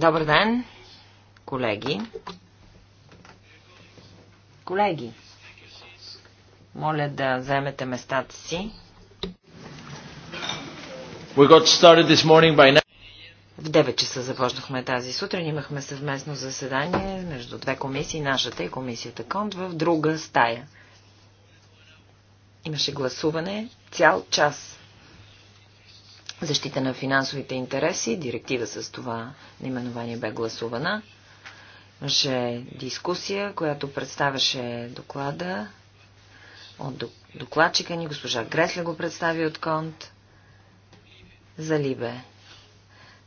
Добър ден, колеги. Колеги, моля да вземете местата си. We got started this morning by в 9 часа започнахме тази сутрин. Имахме съвместно заседание между две комисии, нашата и комисията Конт, в друга стая. Имаше гласуване цял час защита на финансовите интереси. Директива с това наименование бе гласувана. Имаше дискусия, която представяше доклада от докладчика ни. Госпожа Гресле го представи от Конт за Либе.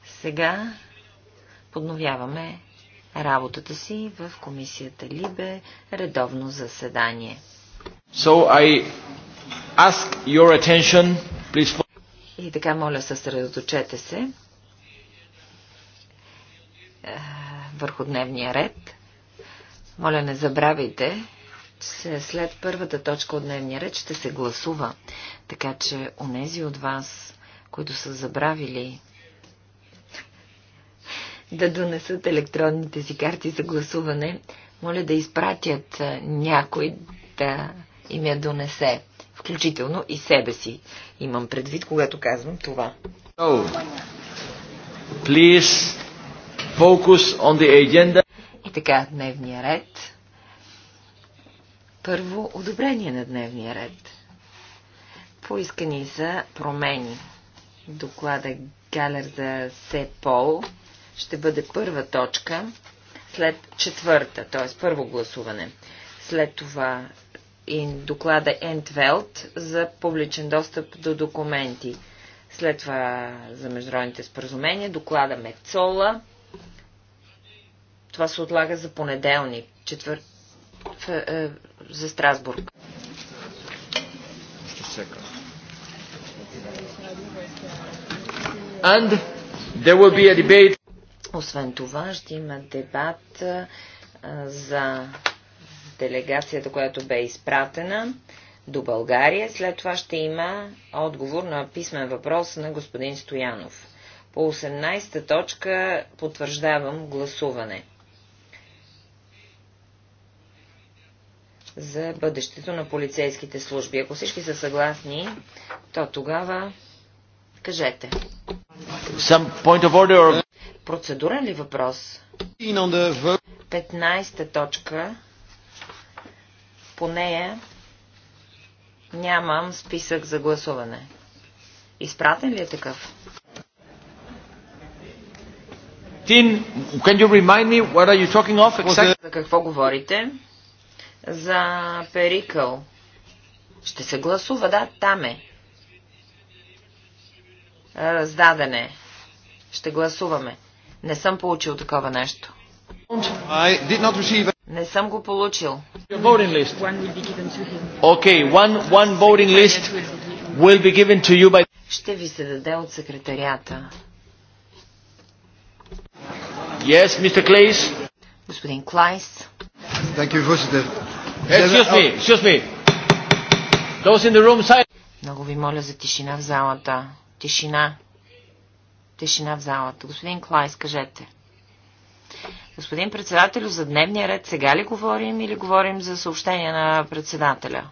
Сега подновяваме работата си в комисията Либе редовно заседание. So I ask your attention, please и така, моля, съсредоточете се е, върху дневния ред. Моля, не забравяйте, че след първата точка от дневния ред ще се гласува. Така че, онези от вас, които са забравили да донесат електронните си карти за гласуване, моля да изпратят е, някой да им я донесе включително и себе си. Имам предвид, когато казвам това. Oh. focus on the agenda. И така, дневния ред. Първо, одобрение на дневния ред. Поискани са промени. Доклада Галер за СЕПОЛ ще бъде първа точка след четвърта, т.е. първо гласуване. След това и доклада Ентвелт за публичен достъп до документи. След това за международните споразумения, доклада Мецола. Това се отлага за понеделник, четвър... в, е, е за Страсбург. And there will be a debate. Освен това ще има дебат е, за делегацията, която бе изпратена до България. След това ще има отговор на писмен въпрос на господин Стоянов. По 18-та точка потвърждавам гласуване. за бъдещето на полицейските служби. Ако всички са съгласни, то тогава кажете. Процедурен ли въпрос? 15-та точка по нея нямам списък за гласуване. Изпратен ли е такъв? Тин, can you remind me what are you talking of exactly? За какво говорите? За Перикъл. Ще се гласува, да, там е. Раздадене. Ще гласуваме. Не съм получил такова нещо. I did not receive не съм го получил. Okay, one, one voting list will be given to you by... Ще ви се даде от секретарията. Yes, Mr. Clays. Господин Клайс. Thank you, Vosite. Excuse me, excuse me. Those in the room, side. Много ви моля за тишина в залата. Тишина. Тишина в залата. Господин Клайс, кажете. Господин председател, за дневния ред сега ли говорим или говорим за съобщение на председателя?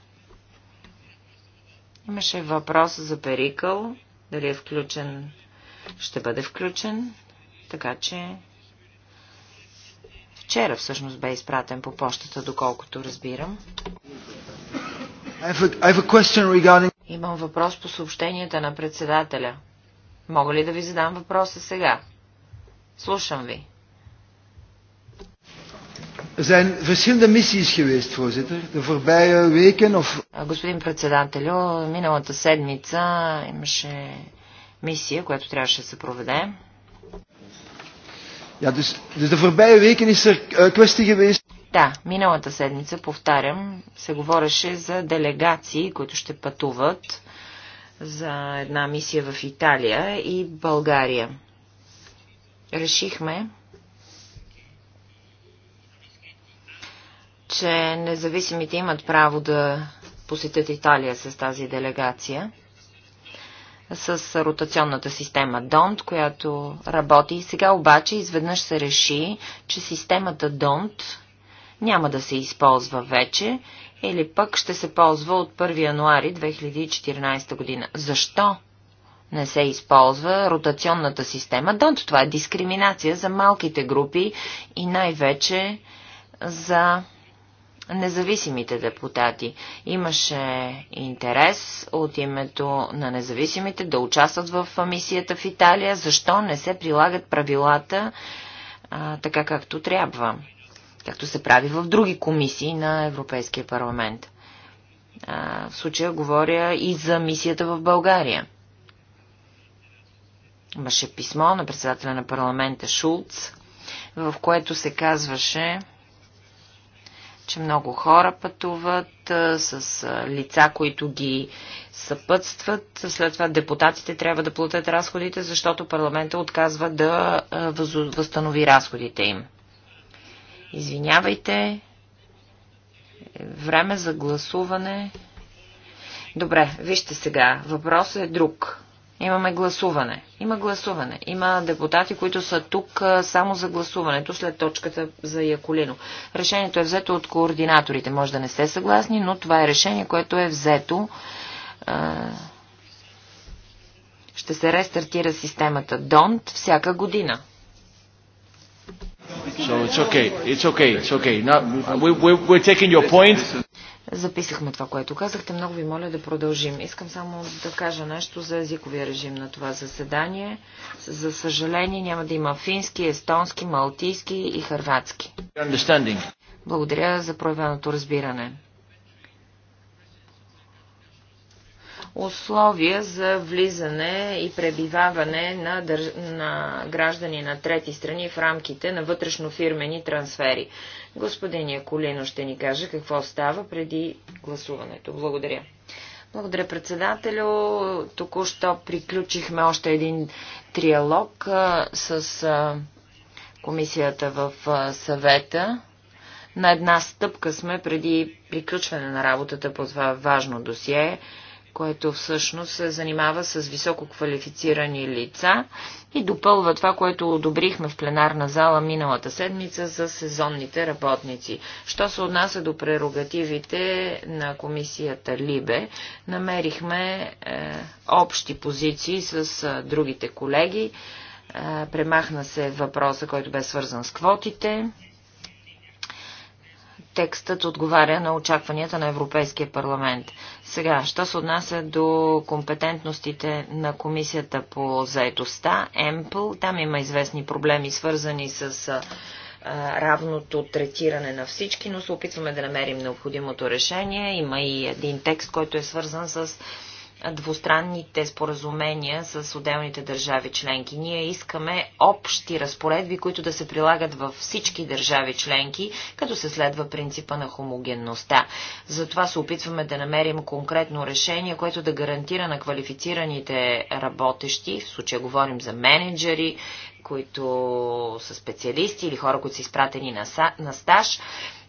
Имаше въпрос за Перикъл. Дали е включен? Ще бъде включен. Така че... Вчера всъщност бе изпратен по почтата, доколкото разбирам. Regarding... Имам въпрос по съобщенията на председателя. Мога ли да ви задам въпроса сега? Слушам ви. Er zijn verschillende missies geweest, voorzitter. De voorbije weken of... Господин председателю, миналата седмица имаше мисия, която трябваше да се проведе. Ja, dus, dus de voorbije weken is er uh, kwestie geweest. Да, миналата седмица, повтарям, се говореше за делегации, които ще пътуват за една мисия в Италия и България. Решихме че независимите имат право да посетят Италия с тази делегация, с ротационната система Донт, която работи. Сега обаче изведнъж се реши, че системата Донт няма да се използва вече или пък ще се ползва от 1 януари 2014 година. Защо не се използва ротационната система Донт? Това е дискриминация за малките групи и най-вече за независимите депутати. Имаше интерес от името на независимите да участват в мисията в Италия. Защо не се прилагат правилата а, така както трябва? Както се прави в други комисии на Европейския парламент. А, в случая говоря и за мисията в България. Имаше писмо на председателя на парламента Шулц, в което се казваше, че много хора пътуват а, с а, лица, които ги съпътстват. След това депутатите трябва да платят разходите, защото парламента отказва да а, възстанови разходите им. Извинявайте. Време за гласуване. Добре, вижте сега. Въпросът е друг. Имаме гласуване. Има гласуване. Има депутати, които са тук само за гласуването след точката за Яколино. Решението е взето от координаторите. Може да не сте съгласни, но това е решение, което е взето. Ще се рестартира системата ДОНТ всяка година. So it's okay. It's okay. It's okay. Now we, we, we're taking your point. Записахме това, което казахте. Много ви моля да продължим. Искам само да кажа нещо за езиковия режим на това заседание. За съжаление няма да има фински, естонски, малтийски и хърватски. Благодаря за проявеното разбиране. Условия за влизане и пребиваване на, държ... на граждани на трети страни в рамките на вътрешнофирмени трансфери. Господин Яколино ще ни каже какво става преди гласуването. Благодаря. Благодаря, председателю. Току-що приключихме още един триалог а, с а, комисията в а, съвета. На една стъпка сме преди приключване на работата по това важно досие, което всъщност се занимава с високо квалифицирани лица и допълва това, което одобрихме в пленарна зала миналата седмица за сезонните работници. Що се отнася до прерогативите на комисията Либе, намерихме е, общи позиции с е, другите колеги. Е, премахна се въпроса, който бе свързан с квотите текстът отговаря на очакванията на Европейския парламент. Сега, що се отнася до компетентностите на Комисията по заедостта, ЕМПЛ, там има известни проблеми, свързани с а, равното третиране на всички, но се опитваме да намерим необходимото решение. Има и един текст, който е свързан с двустранните споразумения с отделните държави членки. Ние искаме общи разпоредби, които да се прилагат във всички държави членки, като се следва принципа на хомогенността. Затова се опитваме да намерим конкретно решение, което да гарантира на квалифицираните работещи, в случая говорим за менеджери, които са специалисти или хора, които са изпратени на стаж,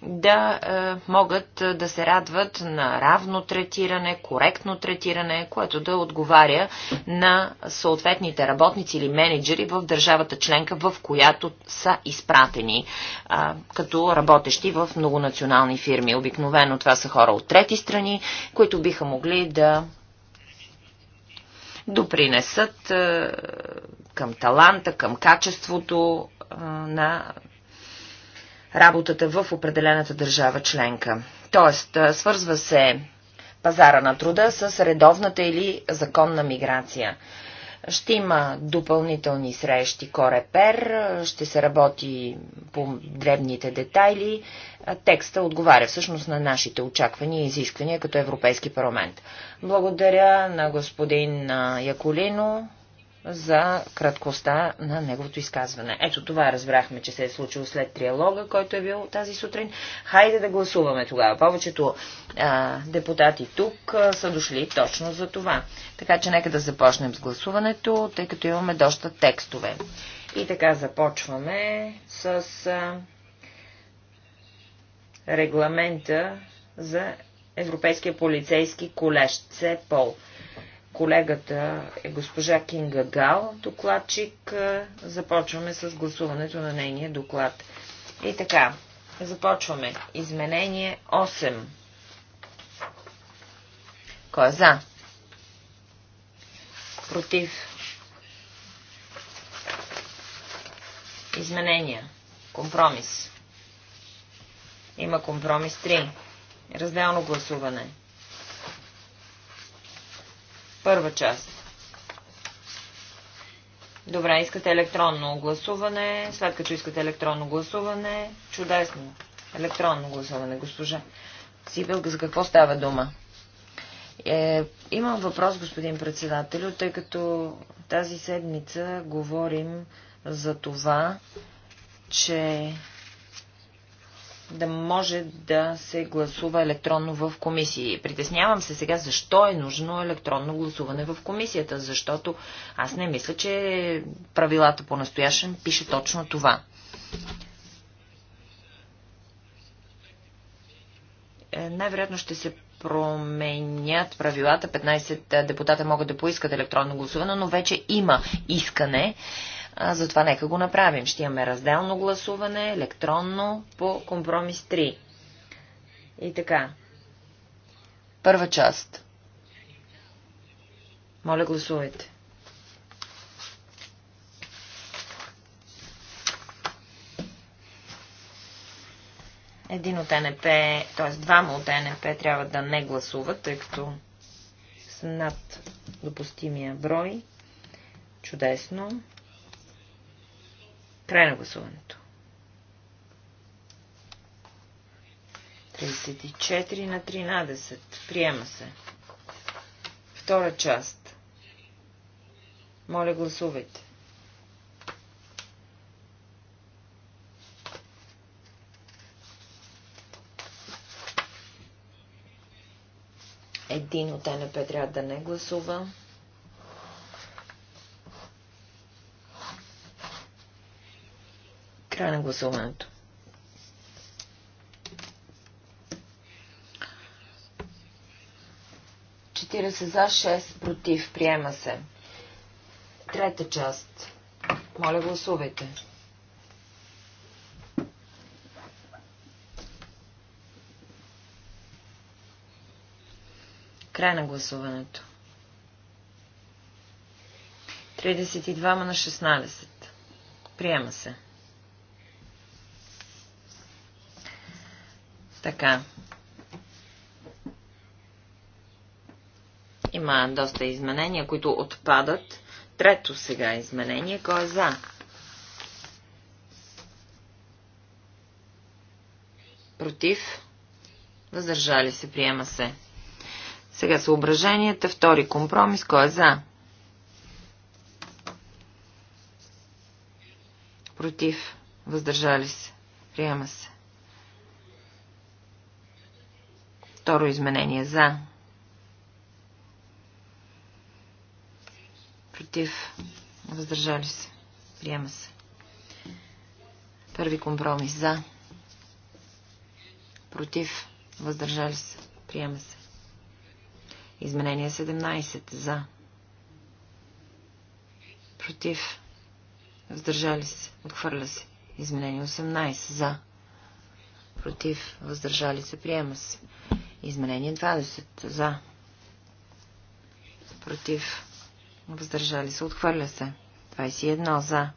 да е, могат е, да се радват на равно третиране, коректно третиране, което да отговаря на съответните работници или менеджери в държавата членка, в която са изпратени е, като работещи в многонационални фирми. Обикновено това са хора от трети страни, които биха могли да допринесат е, към таланта, към качеството е, на работата в определената държава членка. Тоест, свързва се пазара на труда с редовната или законна миграция. Ще има допълнителни срещи Корепер, ще се работи по дребните детайли. Текста отговаря всъщност на нашите очаквания и изисквания като Европейски парламент. Благодаря на господин Яколино за краткостта на неговото изказване. Ето това разбрахме, че се е случило след триалога, който е бил тази сутрин. Хайде да гласуваме тогава. Повечето а, депутати тук а, са дошли точно за това. Така че нека да започнем с гласуването, тъй като имаме доста текстове. И така започваме с а, регламента за Европейския полицейски колеж ЦЕПОЛ колегата е госпожа Кинга Гал, докладчик. Е, започваме с гласуването на нейния доклад. И така, започваме. Изменение 8. Кой е за? Против. Изменения. Компромис. Има компромис 3. Разделно гласуване. Първа част. Добре, искате електронно гласуване. След като искате електронно гласуване, чудесно. Електронно гласуване, госпожа. Сибил, за какво става дума? Е, имам въпрос, господин председател, тъй като тази седмица говорим за това, че да може да се гласува електронно в комисии. Притеснявам се сега защо е нужно електронно гласуване в комисията, защото аз не мисля, че правилата по настоящен пише точно това. Е, най-вероятно ще се променят правилата. 15 е, депутата могат да поискат електронно гласуване, но вече има искане. А, затова нека го направим. Ще имаме разделно гласуване, електронно, по компромис 3. И така. Първа част. Моля, гласувайте. Един от НП, т.е. двама от НП трябва да не гласуват, тъй като са над допустимия брой. Чудесно. Край на гласуването. 34 на 13. Приема се. Втора част. Моля, гласувайте. Един от НП трябва да не гласува. Край на гласуването. се за 6 против. Приема се. Трета част. Моля гласувайте. Край на гласуването. 32 на 16. Приема се. Така. Има доста изменения, които отпадат. Трето сега изменение. Кой е за? Против? Въздържали се. Приема се. Сега съображенията. Втори компромис. Кой е за? Против? Въздържали се. Приема се. Второ изменение за. Против. Въздържали се. Приема се. Първи компромис за. Против. Въздържали се. Приема се. Изменение 17 за. Против. Въздържали се. Отхвърля се. Изменение 18 за. Против. Въздържали се. Приема се. Изменение 20. За. Против. Въздържали се. Отхвърля се. 21. За.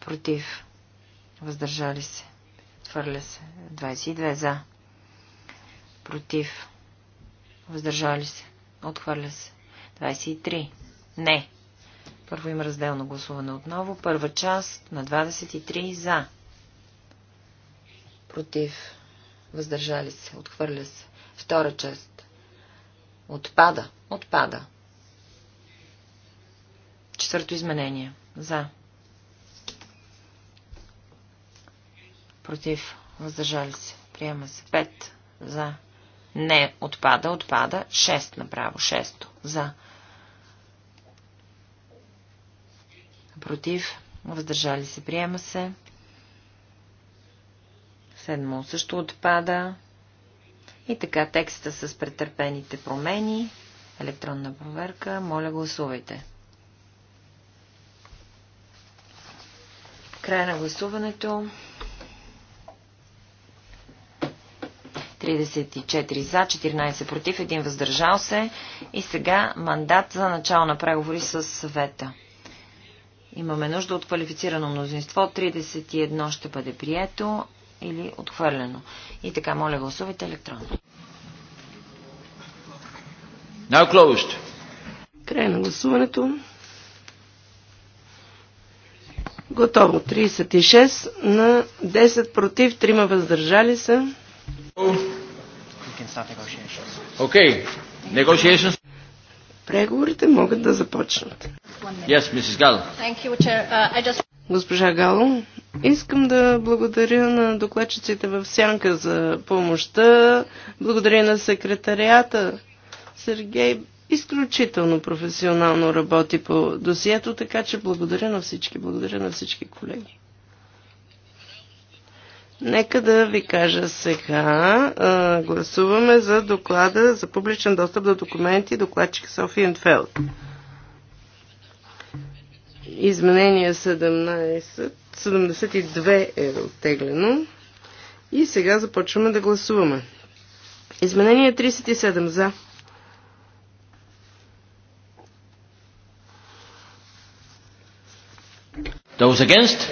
Против. Въздържали се. Отхвърля се. 22. За. Против. Въздържали се. Отхвърля се. 23. Не. Първо има разделно гласуване отново. Първа част на 23 за. Против въздържали се, отхвърля се. Втора част. Отпада, отпада. Четвърто изменение. За. Против. Въздържали се. Приема се. Пет. За. Не. Отпада. Отпада. Шест направо. Шесто. За. Против. Въздържали се. Приема се. Седмо също отпада. И така текста с претърпените промени. Електронна проверка. Моля гласувайте. Край на гласуването. 34 за, 14 против, 1 въздържал се. И сега мандат за начало на преговори с съвета. Имаме нужда от квалифицирано мнозинство. 31 ще бъде прието, или отхвърлено. И така, моля, гласувайте електронно. Now closed. Край на гласуването. Готово. 36 на 10 против, 3 въздържали се. Okay. Negotiations. Преговорите могат да започнат. Yes, Mrs. Gallo. Thank you, Chair. Uh, I just... Госпожа Гало, Искам да благодаря на докладчиците в Сянка за помощта. Благодаря на секретарията. Сергей изключително професионално работи по досието, така че благодаря на всички. Благодаря на всички колеги. Нека да ви кажа сега. А, гласуваме за доклада за публичен достъп до документи, докладчик Софи Енфелд. Изменение 17, 72 е оттеглено. И сега започваме да гласуваме. Изменение 37 за. Those against?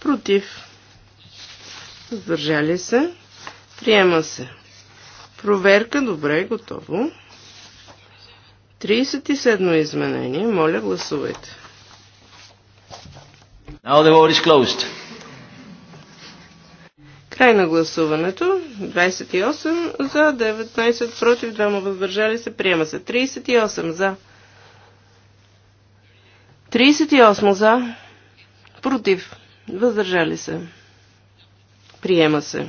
Против. Сдържали се. Приема се. Проверка. Добре, готово. 37 изменение. Моля, гласувайте. Now the vote is closed. Край на гласуването. 28 за, 19 против, 2 въздържали се. Приема се. 38 за. 38 за. Против. Въздържали се. Приема се.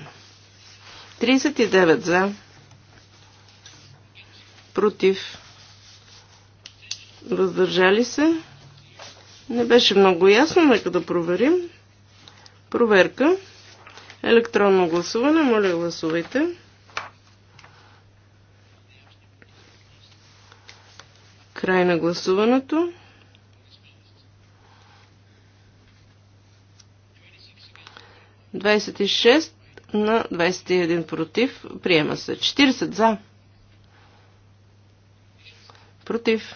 39 за. Против. Въздържали се. Не беше много ясно, нека да проверим. Проверка. Електронно гласуване, моля гласувайте. Край на гласуването. 26 на 21 против. Приема се. 40 за. Против.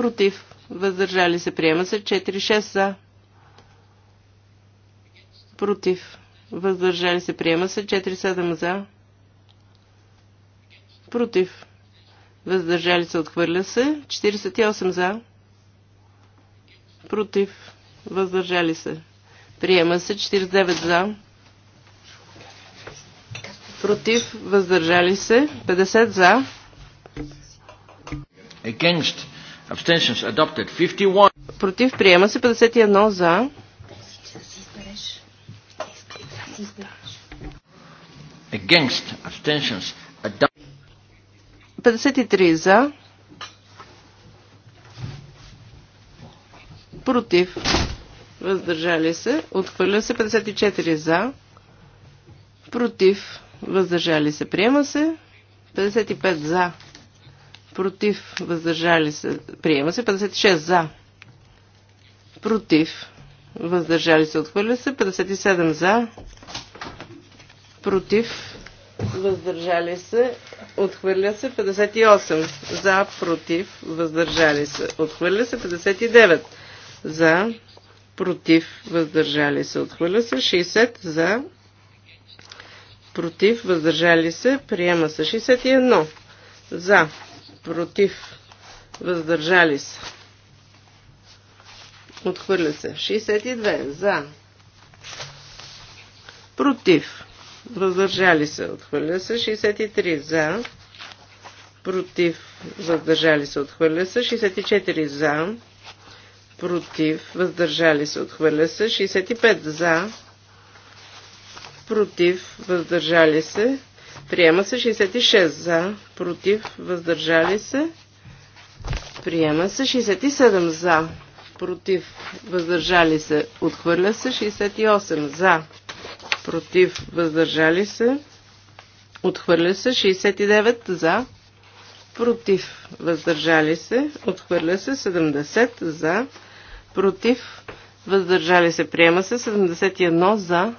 против, въздържали се, приема се 4-6 за, против, въздържали се, приема се 4-7 за, против, въздържали се, отхвърля се 48 за, против, въздържали се, приема се 49 за, против, въздържали се, 50 за. Against Abstentions adopted. 51. Против приема се 51 за. Against. Abstentions adopted. 53 за. Против. Въздържали се. Отхвърля се 54 за. Против. Въздържали се. Приема се. 55 за против, въздържали се, приема се 56 за, против, въздържали се, отхвърля се 57 за, против, въздържали се, отхвърля се 58 за, против, въздържали се, отхвърля се 59 за, против, въздържали се, отхвърля се 60 за, против, въздържали се, приема се 61 за, против, въздържали се. Отхвърля се. 62 за, против, въздържали се. Отхвърля се. 63 за, против, въздържали се. Отхвърля се. 64 за, против, въздържали се. Отхвърля се. 65 за, против, въздържали се. Приема се 66 за, против, въздържали се. Приема се 67 за, против, въздържали се. Отхвърля се 68 за, против, въздържали се. Отхвърля се 69 за, против, въздържали се. Отхвърля се 70 за, против, въздържали се. Приема се 71 за,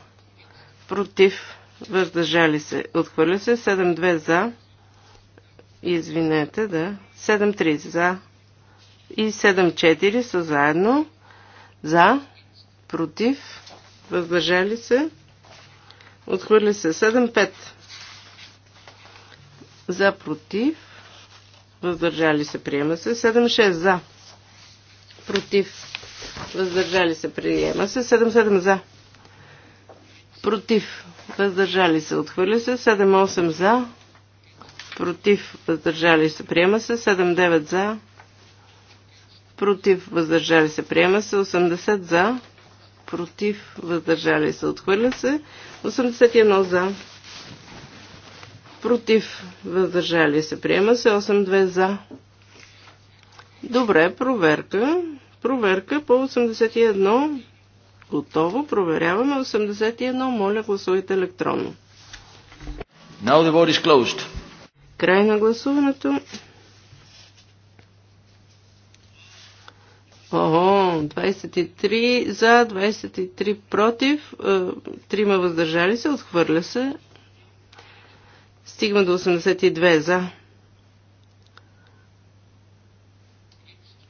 против, въздържали се, отхвърля се, 7-2 за, извинете, да, 7-3 за и 7-4 са заедно, за, против, въздържали се, отхвърля се, 7-5 за, против, въздържали се, приема се, 7-6 за, против, въздържали се, приема се, 7-7 за, против, въздържали се, отхвърля се, 7-8 за, против, въздържали се, приема се, 7-9 за, против, въздържали се, приема се, 80 за, против, въздържали се, отхвърля се, 81 за, против, въздържали се, приема се, 8-2 за. Добре, проверка. Проверка по 81 Готово. Проверяваме 81. Моля, гласувайте електронно. Now the vote is closed. Край на гласуването. О, 23 за, 23 против, е, трима въздържали се, отхвърля се. Стигна до 82 за.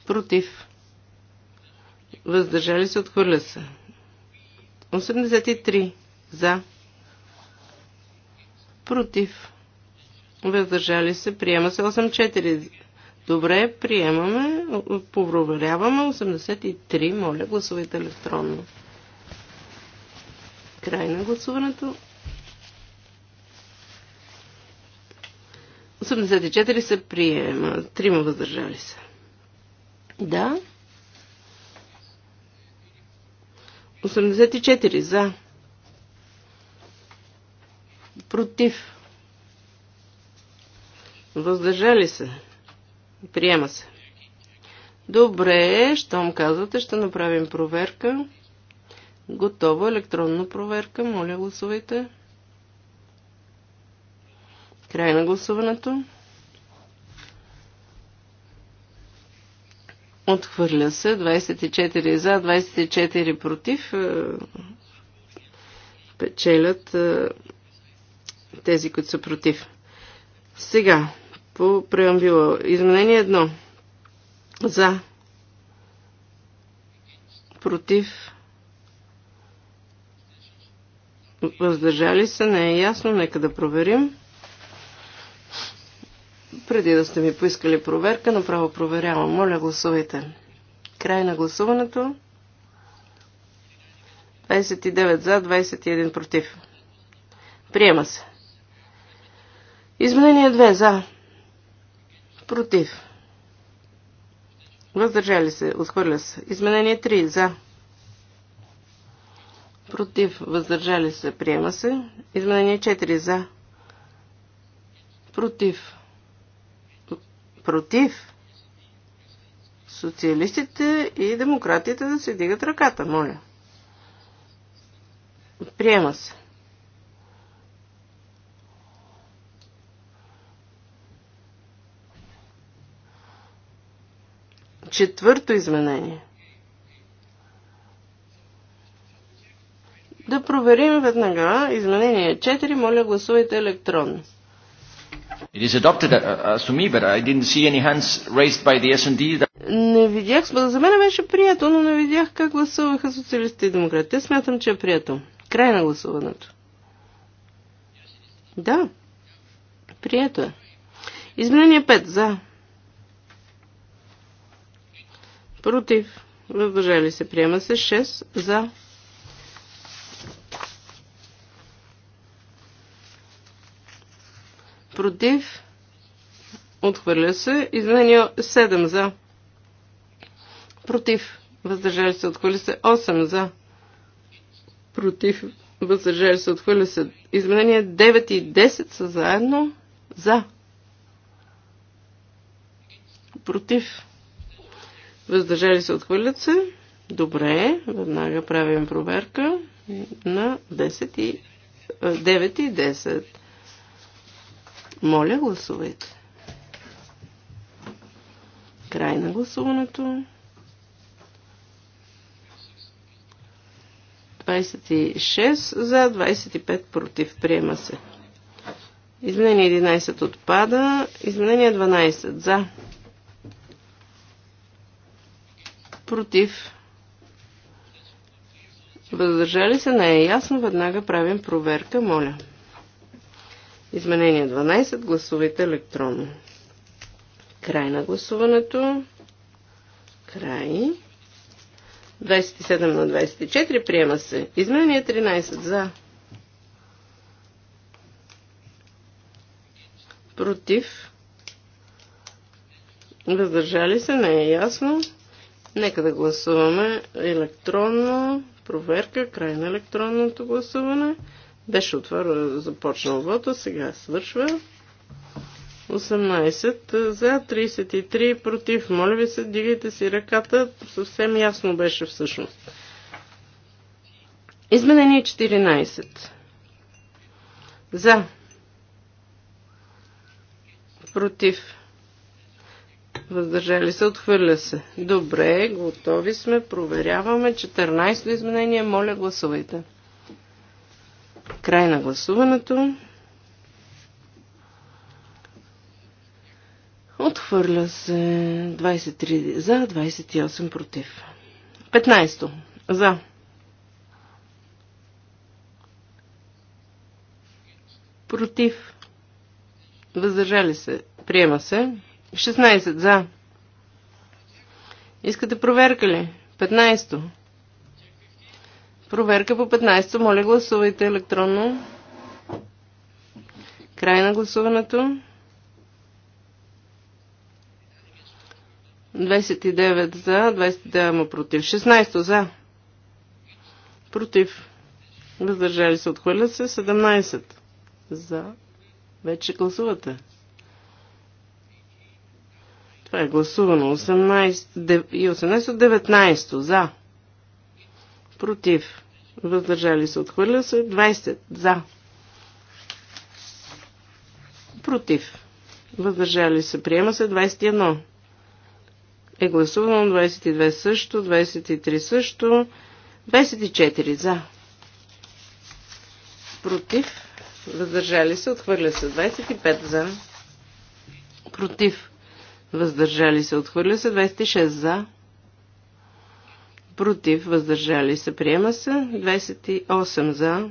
Против. Въздържали се, отхвърля се. 83 за. Против. Въздържали се. Приема се 84. Добре, приемаме. Проверяваме 83. Моля, гласувайте електронно. Край на гласуването. 84 се приема. Трима въздържали се. Да. 84 за. Против. Въздържали се. Приема се. Добре, щом казвате, ще направим проверка. Готова електронна проверка. Моля, гласувайте. Край на гласуването. Отхвърля се 24 за, 24 против. Е, печелят е, тези, които са против. Сега, по преамбила. Изменение едно. За. Против. Въздържали се, не е ясно, нека да проверим. Преди да сте ми поискали проверка, направо проверявам. Моля, гласувайте. Край на гласуването. 29 за, 21 против. Приема се. Изменение 2 за. Против. Въздържали се. Отхвърля се. Изменение 3 за. Против. Въздържали се. Приема се. Изменение 4 за. Против против социалистите и демократите да се дигат ръката, моля. Приема се. Четвърто изменение. Да проверим веднага изменение 4. Моля, гласувайте електронно. It is adopted uh, uh, as to me, but I didn't see any hands raised by the S&D. That... Не видях, за мен беше прието, но не видях как гласуваха социалистите и демократите. Смятам, че е прието. Край на гласуването. Да. Прието е. Изменение 5. За. Против. Въздържали се. Приема се 6. За. против, отхвърля се. Изменение 7 за, против, въздържали се, отхвърля се. 8 за, против, въздържали се, отхвърля се. Изменение 9 и 10 са заедно за, против, въздържали се, отхвърлят се. Добре, веднага правим проверка на 10 и 9 и 10. Моля, гласувайте. Край на гласуването. 26 за 25 против. Приема се. Изменение 11 отпада. Изменение 12 за. Против. Въздържали се не е ясно. Веднага правим проверка. Моля. Изменение 12. Гласувайте електронно. Край на гласуването. Край. 27 на 24. Приема се. Изменение 13. За. Против. Въздържали се. Не е ясно. Нека да гласуваме електронно. Проверка. Край на електронното гласуване. Беше отворен, започнал вода, сега свършва. 18 за, 33 против. Моля ви се, дигайте си ръката. Съвсем ясно беше всъщност. Изменение 14. За. Против. Въздържали се, отхвърля се. Добре, готови сме, проверяваме. 14 изменение, моля гласувайте. Край на гласуването. Отхвърля се 23 за, 28 против. 15 за. Против. Въздържали се. Приема се. 16 за. Искате проверка ли? 15. Проверка по 15. Моля, гласувайте електронно. Край на гласуването. 29 за, 29 против. 16 за. Против. Въздържали се, отхвърлят се. 17 за. Вече гласувате. Това е гласувано. 18 и 18 от 19 за против, въздържали се, отхвърля се, 20 за, против, въздържали се, приема се, 21 е гласувано, 22 също, 23 също, 24 за, против, въздържали се, отхвърля се, 25 за, против, въздържали се, отхвърля се, 26 за, против, въздържали се, приема се. 28 за,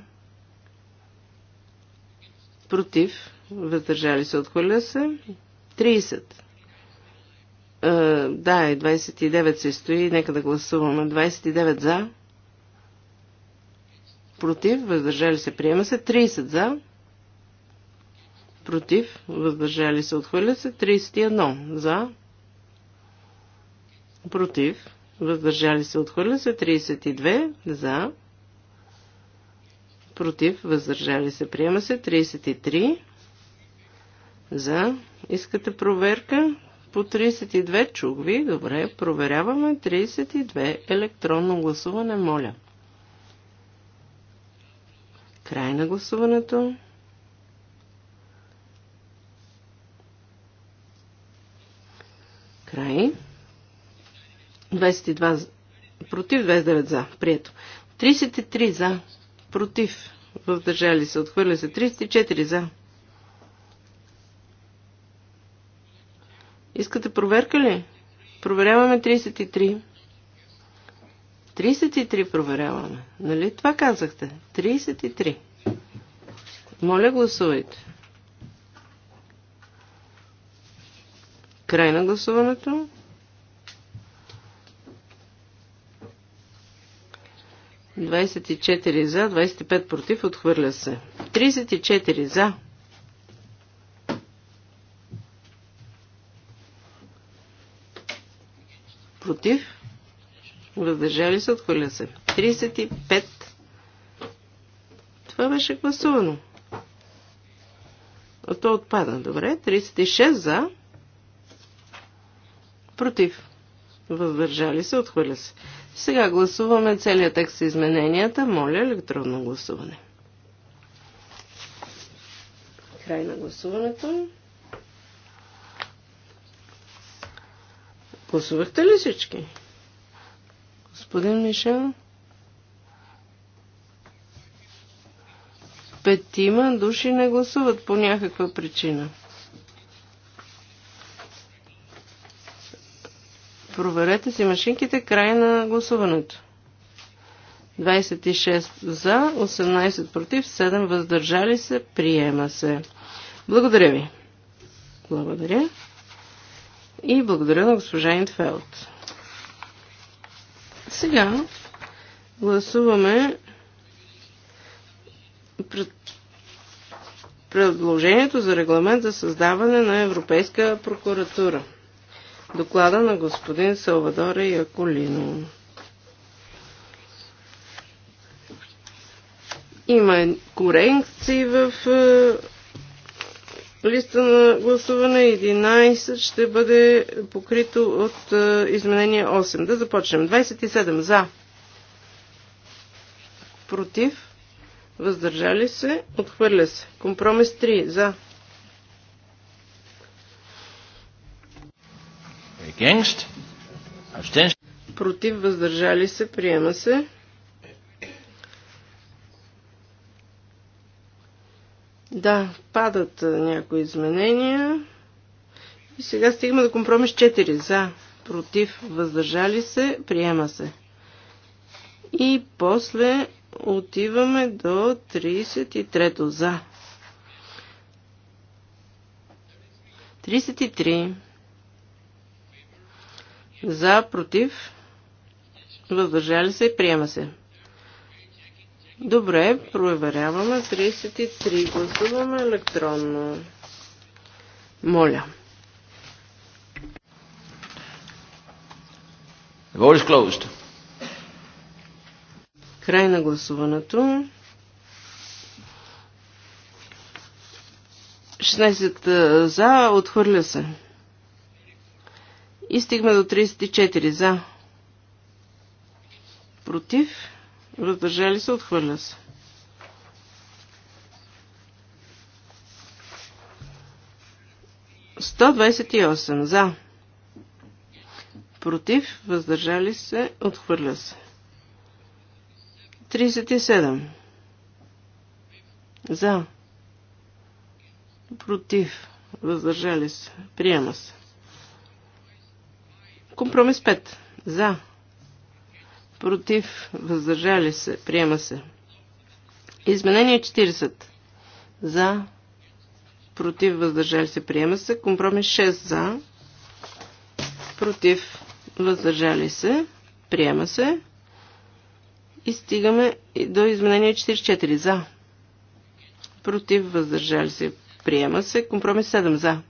против, въздържали се, отхвърля се. 30. Uh, е, да, и 29 се стои, нека да гласуваме. 29 за, против, въздържали се, приема се. 30 за, против, въздържали се, отхвърля се. 31 за, против, въздържали се, отхвърля се 32 за, против, въздържали се, приема се 33 за. Искате проверка по 32 чух ви. Добре, проверяваме 32 електронно гласуване, моля. Край на гласуването. Край. 22 против, 29 за. Прието. 33 за. Против. Въздържали се. Отхвърля се. 34 за. Искате проверка ли? Проверяваме 33. 33 проверяваме. Нали това казахте? 33. Моля, гласувайте. Край на гласуването. 24 за, 25 против, отхвърля се. 34 за. Против. Въздържали се, отхвърля се. 35. Това беше гласувано. А то отпада. Добре. 36 за. Против. Въздържали се, отхвърля се. Сега гласуваме целият текст с измененията. Моля електронно гласуване. Край на гласуването. Гласувахте ли всички? Господин Мишел? Петима души не гласуват по някаква причина. Проверете си машинките. Край на гласуването. 26 за, 18 против, 7 въздържали се. Приема се. Благодаря ви. Благодаря. И благодаря на госпожа Интфелд. Сега гласуваме пред... предложението за регламент за създаване на Европейска прокуратура доклада на господин Салвадора Яколино. Има корекции в е, листа на гласуване 11 ще бъде покрито от е, изменение 8. Да започнем. 27 за. Против. Въздържали се. Отхвърля се. Компромис 3 за. Against. Abstention. Против, въздържали се, приема се. Да, падат някои изменения. И сега стигаме до компромис 4. За, против, въздържали се, приема се. И после отиваме до 33-то за. 33. За, против, въздържали се, приема се. Добре, проверяваме 33. Гласуваме електронно. Моля. Vote is closed. Край на гласуването. 16 за, отхвърля се. И стигме до 34 за. Против. Въздържали се, отхвърля се. за. Против, въздържали се, отхвърля се. 37. За. Против. Въздържали се. Приема се. Компромис 5. За. Против. Въздържали се. Приема се. Изменение 40. За. Против. Въздържали се. Приема се. Компромис 6. За. Против. Въздържали се. Приема се. И стигаме до изменение 44. За. Против. Въздържали се. Приема се. Компромис 7. За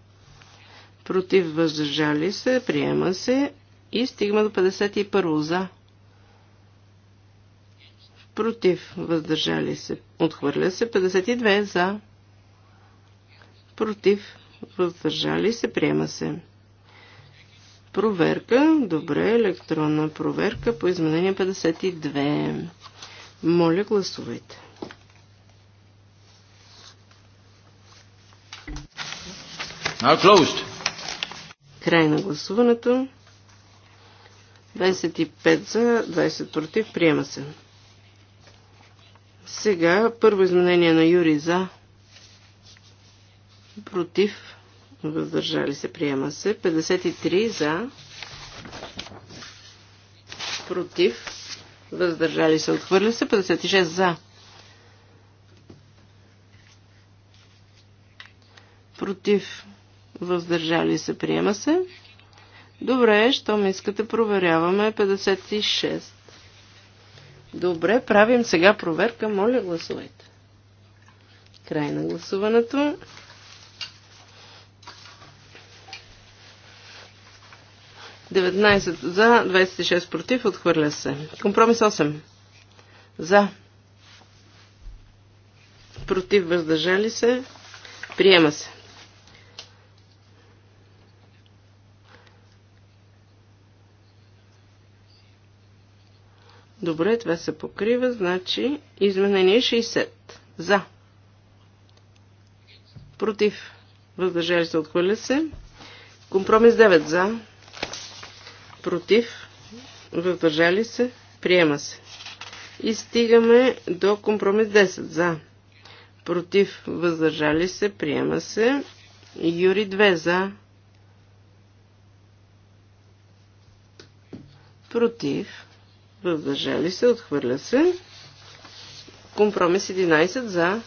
против въздържали се, приема се и стигма до 51 за. Против въздържали се, отхвърля се 52 за. Против въздържали се, приема се. Проверка, добре, електронна проверка по изменение 52. Моля, гласувайте. Now closed. Край на гласуването. 25 за, 20 против. Приема се. Сега първо изменение на Юри за, против, въздържали се, приема се. 53 за, против, въздържали се, отхвърля се. 56 за, против, въздържали се, приема се. Добре, що ми искате, проверяваме 56. Добре, правим сега проверка. Моля, гласувайте. Край на гласуването. за, 26 против, отхвърля се. Компромис 8. За. Против, въздържали се. Приема се. Добре, това се покрива, значи изменение 60. За. Против. Въздържали се, отхвърля се. Компромис 9 за. Против. Въздържали се. Приема се. И стигаме до компромис 10 за. Против. Въздържали се. Приема се. Юри 2 за. Против въздържали се, отхвърля се. Компромис 11 за,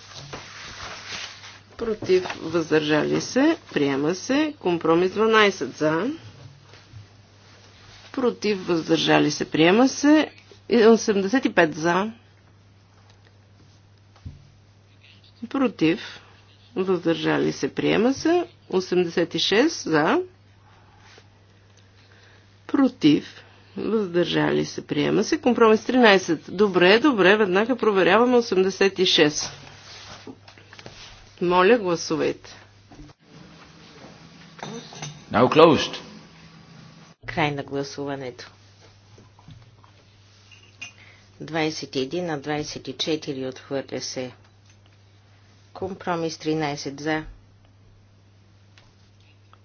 против, въздържали се, приема се. Компромис 12 за, против, въздържали се, приема се. 85 за, против, въздържали се, приема се. 86 за, против, Въздържали се. Приема се. Компромис 13. Добре, добре. Веднага проверяваме 86. Моля, гласувайте. Now closed. Край на гласуването. 21 на 24 отхвърля се. Компромис 13 за.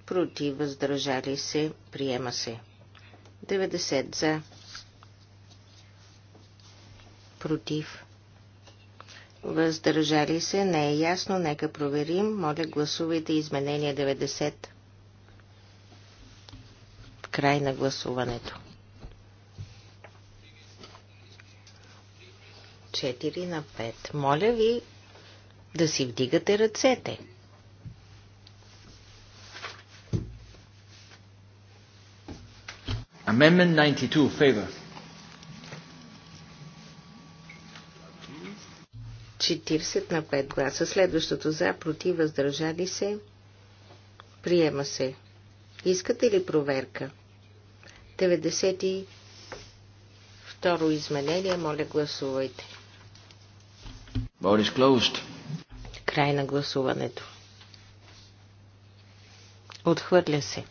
Против въздържали се. Приема се. 90 за. Против. Въздържали се, не е ясно, нека проверим. Моля, гласувайте изменение 90. Край на гласуването. 4 на 5. Моля ви да си вдигате ръцете. Amendment 92, favor. 40 на 5 гласа. Следващото за, против, въздържали се. Приема се. Искате ли проверка? 92 изменение. Моля, гласувайте. Борис closed. Край на гласуването. Отхвърля се.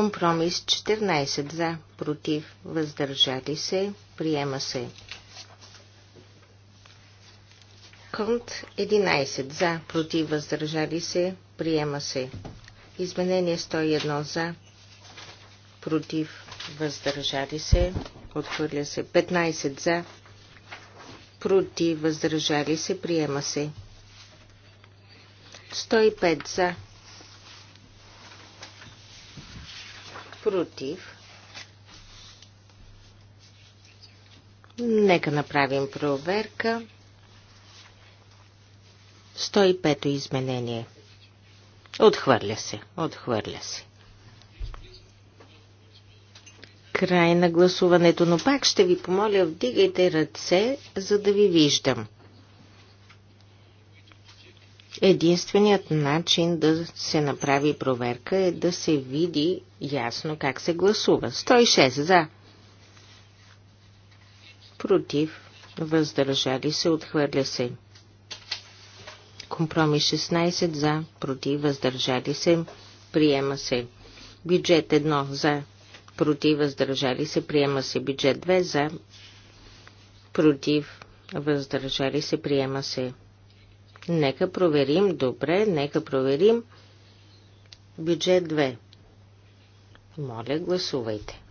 Компромис 14 за, против, въздържали се, приема се. Конт 11 за, против, въздържали се, приема се. Изменение 101 за, против, въздържали се, отхвърля се. 15 за, против, въздържали се, приема се. 105 за, Против. Нека направим проверка. 105-то изменение. Отхвърля се, отхвърля се. Край на гласуването, но пак ще ви помоля, вдигайте ръце, за да ви виждам. Единственият начин да се направи проверка е да се види ясно как се гласува. 106 за. Против. Въздържали се. Отхвърля се. Компромис 16 за. Против. Въздържали се. Приема се. Бюджет 1 за. Против. Въздържали се. Приема се. Бюджет 2 за. Против. Въздържали се. Приема се. Нека проверим. Добре, нека проверим. Бюджет 2. Моля, гласувайте.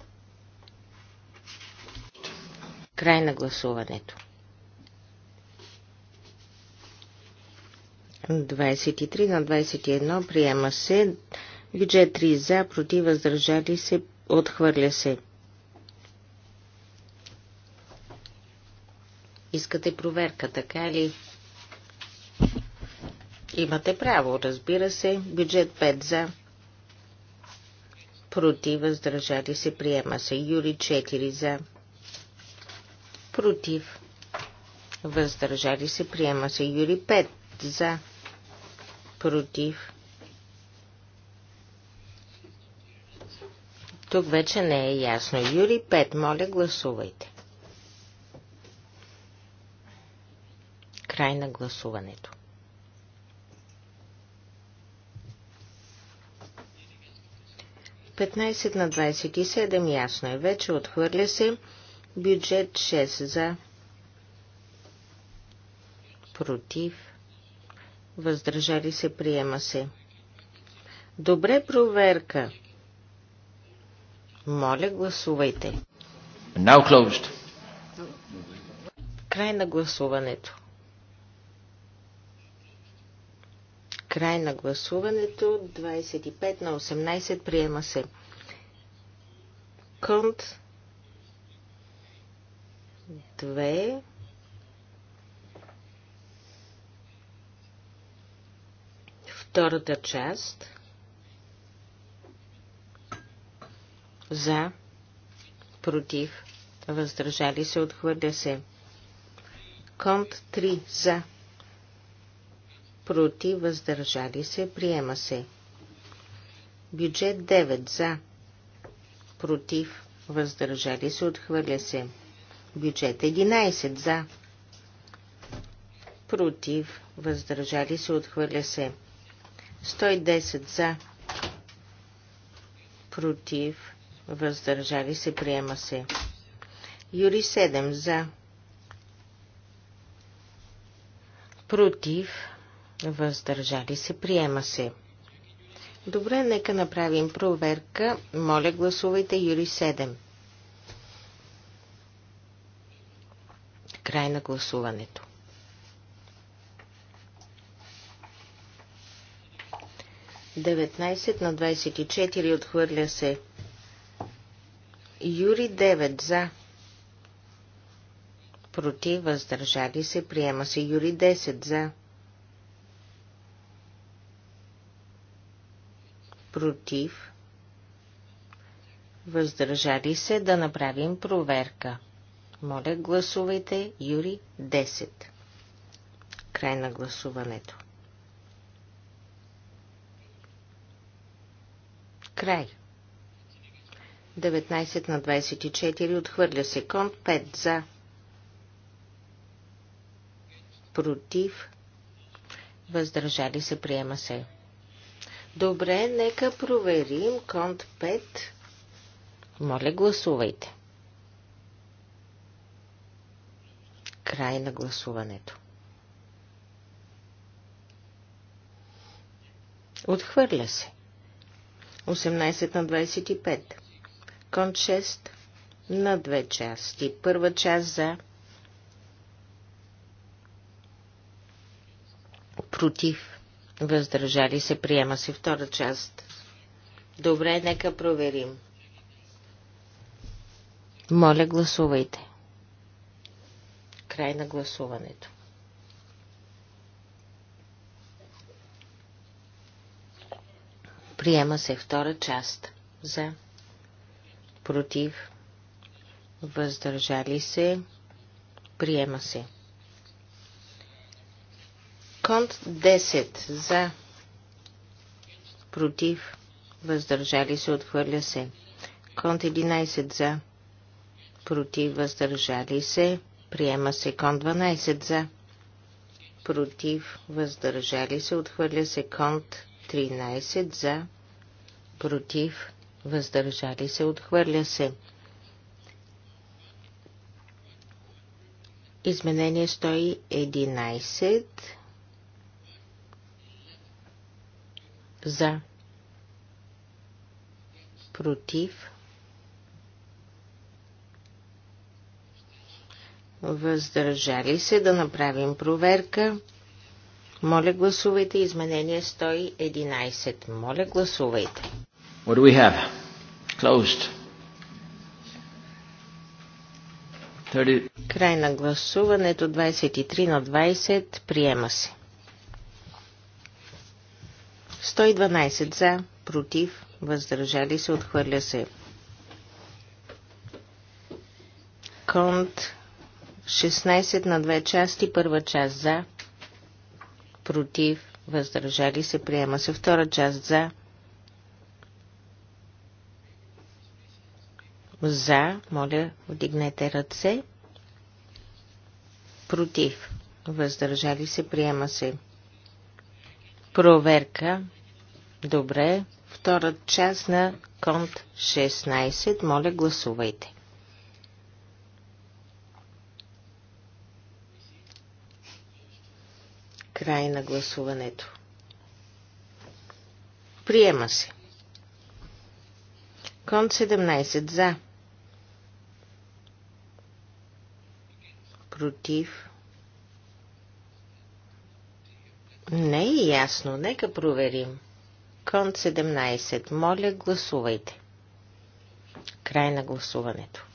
Край на гласуването. 23 на 21 приема се. Бюджет 3 за, против, въздържали се, отхвърля се. Искате проверка, така ли? Имате право, разбира се. Бюджет 5 за. Против, въздържали се, приема се. Юри 4 за. Против, въздържали се, приема се. Юри 5 за. Против. Тук вече не е ясно. Юри 5, моля, гласувайте. Край на гласуването. 15 на 27 ясно е вече, отхвърля се. Бюджет 6 за. Против. Въздържали се, приема се. Добре проверка. Моля, гласувайте. Now closed. Край на гласуването. Край на гласуването. 25 на 18 приема се. Конт 2. Втората част. За. Против. Въздържали се. Отхвърля се. Конт 3. За против, въздържали се, приема се. Бюджет 9 за, против, въздържали се, отхвърля се. Бюджет 11 за, против, въздържали се, отхвърля се. 110 за, против, въздържали се, приема се. Юри 7 за, против, въздържали се, приема се. Добре, нека направим проверка. Моля, гласувайте Юри 7. Край на гласуването. Деветнайсет на 24 отхвърля се. Юри 9 за. Против, въздържали се, приема се. Юри 10 за против, въздържали се да направим проверка. Моля, гласувайте Юри 10. Край на гласуването. Край. 19 на 24 отхвърля се кон 5 за. Против. Въздържали се приема се. Добре, нека проверим конт 5. Моля, гласувайте. Край на гласуването. Отхвърля се. 18 на 25. Конт 6 на две части. Първа част за против Въздържали се, приема се втора част. Добре, нека проверим. Моля, гласувайте. Край на гласуването. Приема се втора част. За. Против. Въздържали се. Приема се. Конт 10 за. Против. Въздържали се. Отхвърля се. Конт 11 за. Против. Въздържали се. Приема се. Конт 12 за. Против. Въздържали се. Отхвърля се. Конт 13 за. Против. Въздържали се. Отхвърля се. Изменение 111 за, против, въздържали се да направим проверка. Моля гласувайте изменение 111. Моля гласувайте. What do we have? Closed. 30... Край на гласуването 23 на 20. Приема се. 112 за, против, въздържали се, отхвърля се. Конт 16 на две части, първа част за, против, въздържали се, приема се втора част за, за, моля, вдигнете ръце, против, въздържали се, приема се. Проверка Добре. Втора част на конт 16. Моля, гласувайте. Край на гласуването. Приема се. Конт 17 за. Против. Не е ясно. Нека проверим към 17. Моля, гласувайте. Край на гласуването.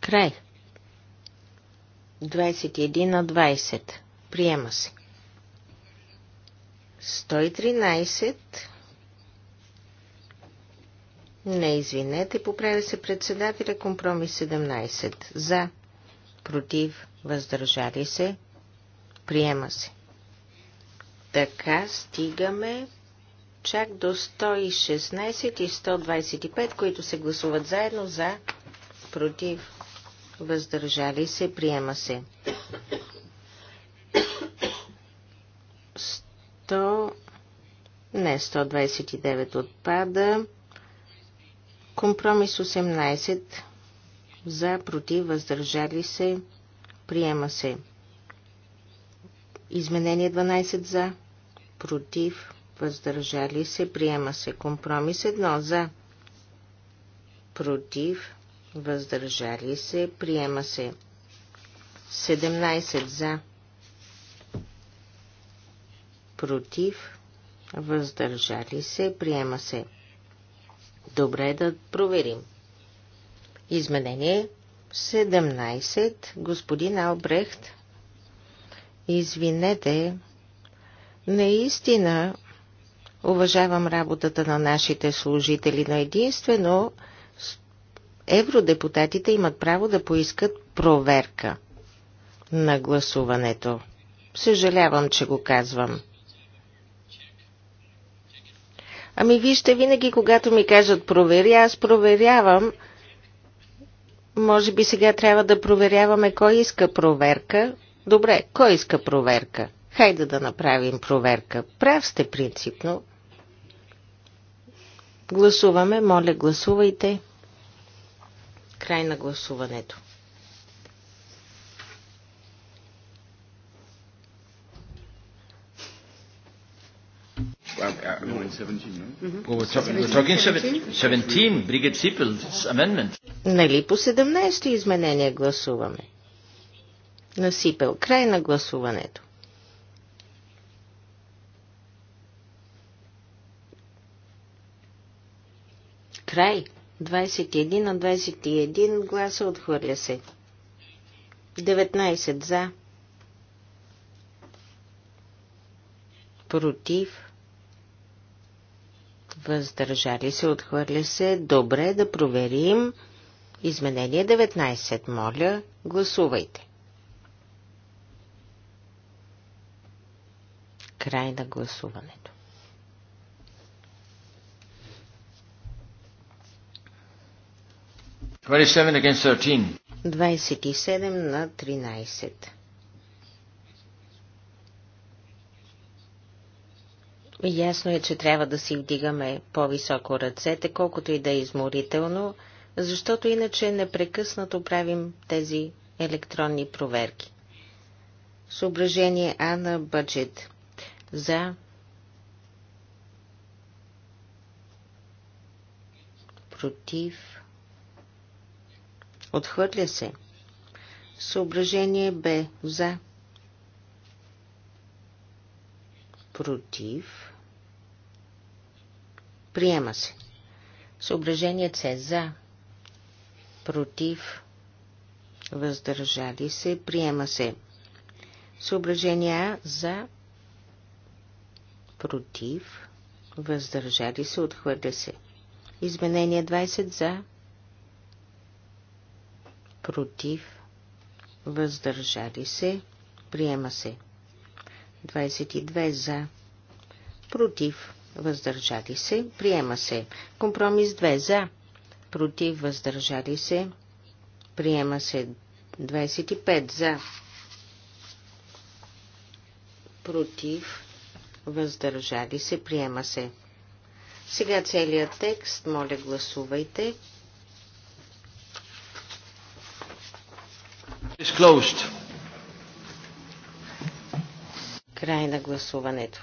Край. 21 на 20. Приема се. 113. Не, извинете, поправя се председателя компромис 17. За. Против въздържали се, приема се. Така стигаме чак до 116 и 125, които се гласуват заедно за, против, въздържали се, приема се. 100, не, 129 отпада. Компромис 18 за, против, въздържали се, се. Приема се. Изменение 12 за. Против. Въздържали се. Приема се. Компромис 1 за. Против. Въздържали се. Приема се. 17 за. Против. Въздържали се. Приема се. Добре да проверим. Изменение 17. Господин Албрехт, извинете, наистина уважавам работата на нашите служители, но единствено евродепутатите имат право да поискат проверка на гласуването. Съжалявам, че го казвам. Ами вижте, винаги когато ми кажат проверя, аз проверявам – може би сега трябва да проверяваме кой иска проверка. Добре, кой иска проверка? Хайде да направим проверка. Прав сте принципно. Гласуваме, моля, гласувайте. Край на гласуването. Well, uh, we're talking 17. 17, Brigitte Sippel's amendment. Нали по 17 изменение гласуваме? Насипел. Край на гласуването. Край. 21 на 21 гласа отхвърля се. 19 за. Против въздържали се, отхвърля се. Добре, да проверим. Изменение 19. Моля, гласувайте. Край на гласуването. Двадесет и седем на тринадесет. Ясно е, че трябва да си вдигаме по-високо ръцете, колкото и да е изморително защото иначе непрекъснато правим тези електронни проверки. Съображение А на бюджет. За. Против. Отхвърля се. Съображение Б. За. Против. Приема се. Съображение С. За против, въздържали се, приема се. Съображение А за, против, въздържали се, отхвърля се. Изменение 20 за, против, въздържали се, приема се. 22 за, против, въздържали се, приема се. Компромис 2 за, против, въздържали се, приема се 25 за, против, въздържали се, приема се. Сега целият текст, моля гласувайте. Край на гласуването.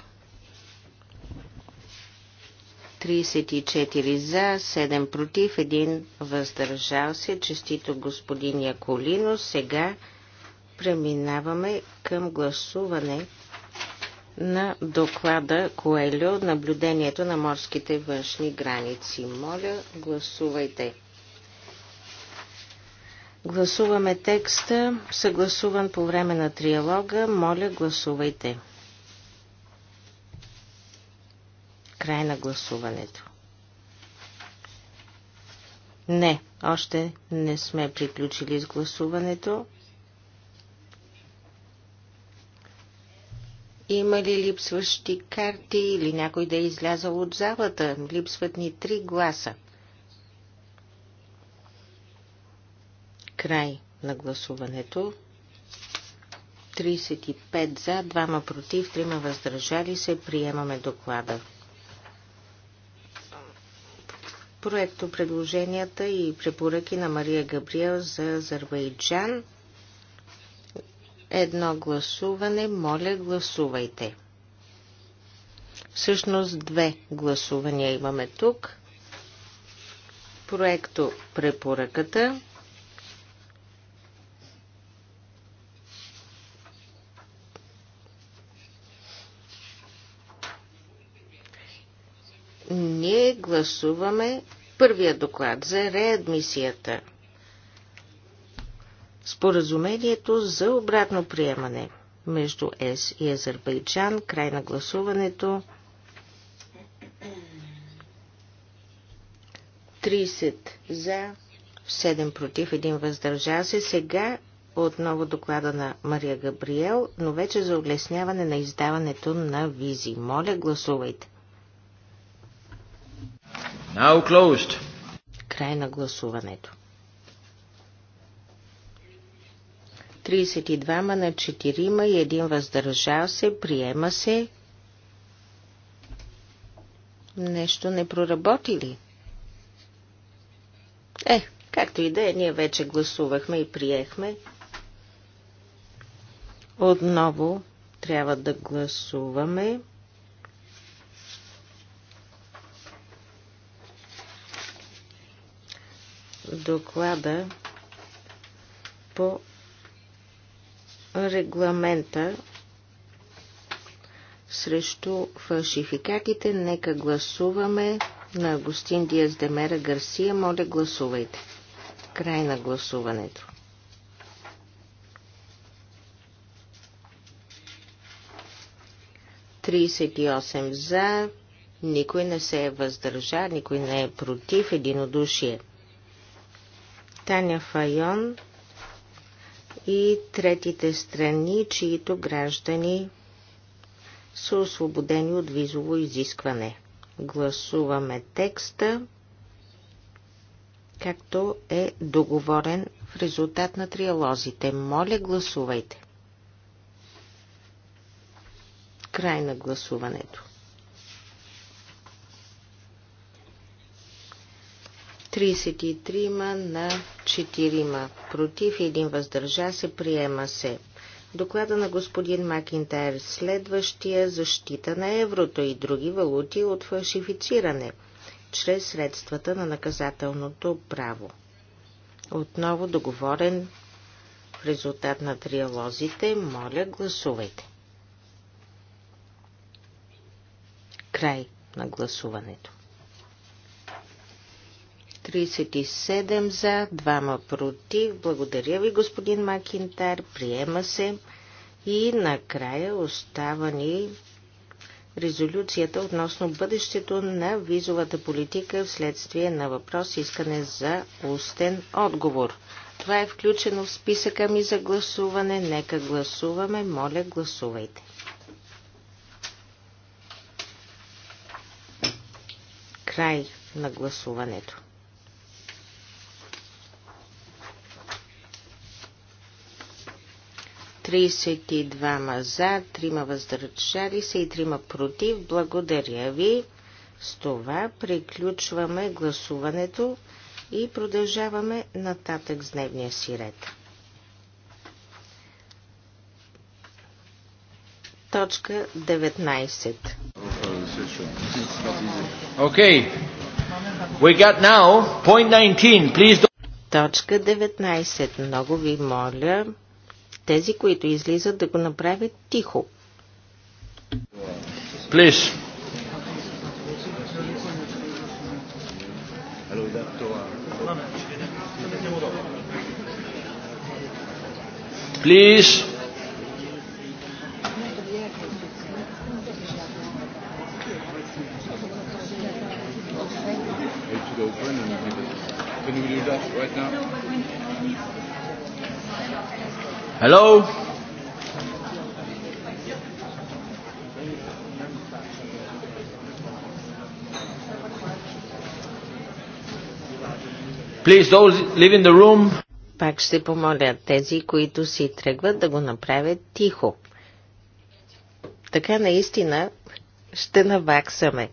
34 за, 7 против, 1 въздържал се. Честито господин Яколино. Сега преминаваме към гласуване на доклада Коелю наблюдението на морските външни граници. Моля, гласувайте. Гласуваме текста, съгласуван по време на триалога. Моля, гласувайте. Край на гласуването. Не, още не сме приключили с гласуването. Има ли липсващи карти или някой да е излязъл от залата? Липсват ни три гласа. Край на гласуването. 35 за, 2 против, 3 въздържали се. Приемаме доклада. проекто предложенията и препоръки на Мария Габриел за Азербайджан. Едно гласуване, моля гласувайте. Всъщност две гласувания имаме тук. Проекто препоръката гласуваме първия доклад за реадмисията. Споразумението за обратно приемане между ЕС и Азербайджан. Край на гласуването. 30 за, 7 против, 1 въздържа се. Сега отново доклада на Мария Габриел, но вече за облесняване на издаването на визи. Моля, гласувайте. Now closed. Край на гласуването. 32 на 4 и един въздържал се, приема се. Нещо не проработили? Е, както и да е, ние вече гласувахме и приехме. Отново трябва да гласуваме. доклада по регламента срещу фалшификатите. Нека гласуваме на Агустин Диас Демера Гарсия. Моля, гласувайте. Край на гласуването. Тридесет и за, никой не се е въздържа, никой не е против, единодушие. Таня Файон и третите страни, чието граждани са освободени от визово изискване. Гласуваме текста, както е договорен в резултат на триалозите. Моля, гласувайте. Край на гласуването. 33 на 4, против 1 въздържа се, приема се. Доклада на господин Макинтайр следващия защита на еврото и други валути от фалшифициране чрез средствата на наказателното право. Отново договорен в резултат на триалозите, моля гласувайте. Край на гласуването. 37 за, 2 против. Благодаря ви, господин Макинтар. Приема се. И накрая остава ни резолюцията относно бъдещето на визовата политика вследствие на въпрос искане за устен отговор. Това е включено в списъка ми за гласуване. Нека гласуваме. Моля, гласувайте. Край на гласуването. 32 за, 3 въздържали се и 3 против. Благодаря ви. С това приключваме гласуването и продължаваме нататък с дневния си ред. Точка 19. Okay. We got now point 19. Please Точка 19. Много ви моля, тези, които излизат, да го направят тихо. Плиш! Плиш! Hello? Please, those leaving the room. Пак ще помоля тези, които си тръгват да го направят тихо. Така наистина ще наваксаме.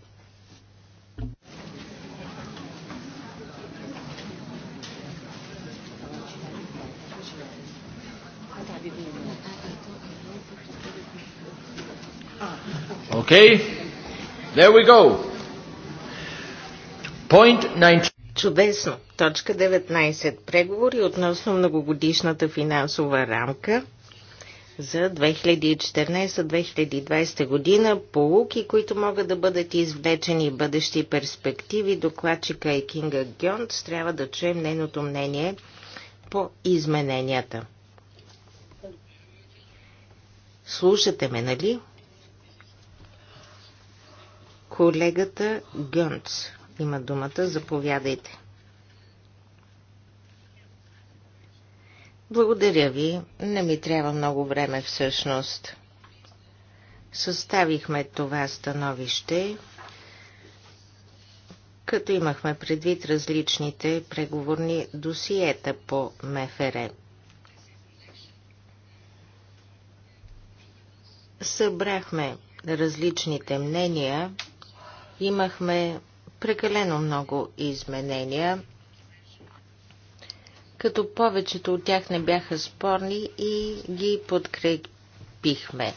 Okay? There we go. Point 19. Чудесно. Точка 19. Преговори относно многогодишната финансова рамка за 2014-2020 година, полуки, които могат да бъдат извлечени в бъдещи перспективи, докладчика и е Кинга Гьонт трябва да чуем нейното мнение по измененията. Слушате ме, нали? Колегата Гънц има думата. Заповядайте. Благодаря ви. Не ми трябва много време всъщност. Съставихме това становище, като имахме предвид различните преговорни досиета по МФР. Събрахме различните мнения Имахме прекалено много изменения, като повечето от тях не бяха спорни и ги подкрепихме.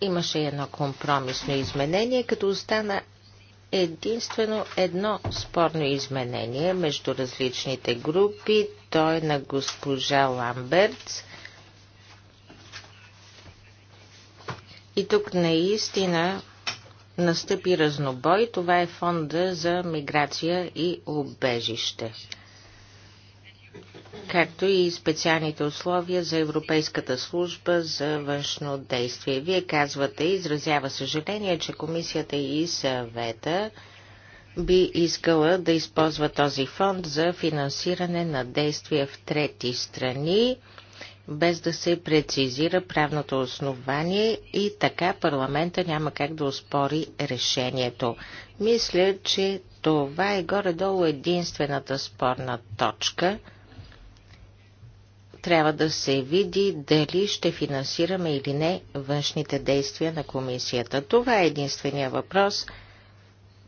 Имаше едно компромисно изменение, като остана единствено едно спорно изменение между различните групи. Той е на госпожа Ламберт. И тук наистина настъпи разнобой. Това е фонда за миграция и обежище, както и специалните условия за Европейската служба за външно действие. Вие казвате, изразява съжаление, че комисията и съвета би искала да използва този фонд за финансиране на действия в трети страни без да се прецизира правното основание и така парламента няма как да успори решението. Мисля, че това е горе-долу единствената спорна точка. Трябва да се види дали ще финансираме или не външните действия на комисията. Това е единствения въпрос.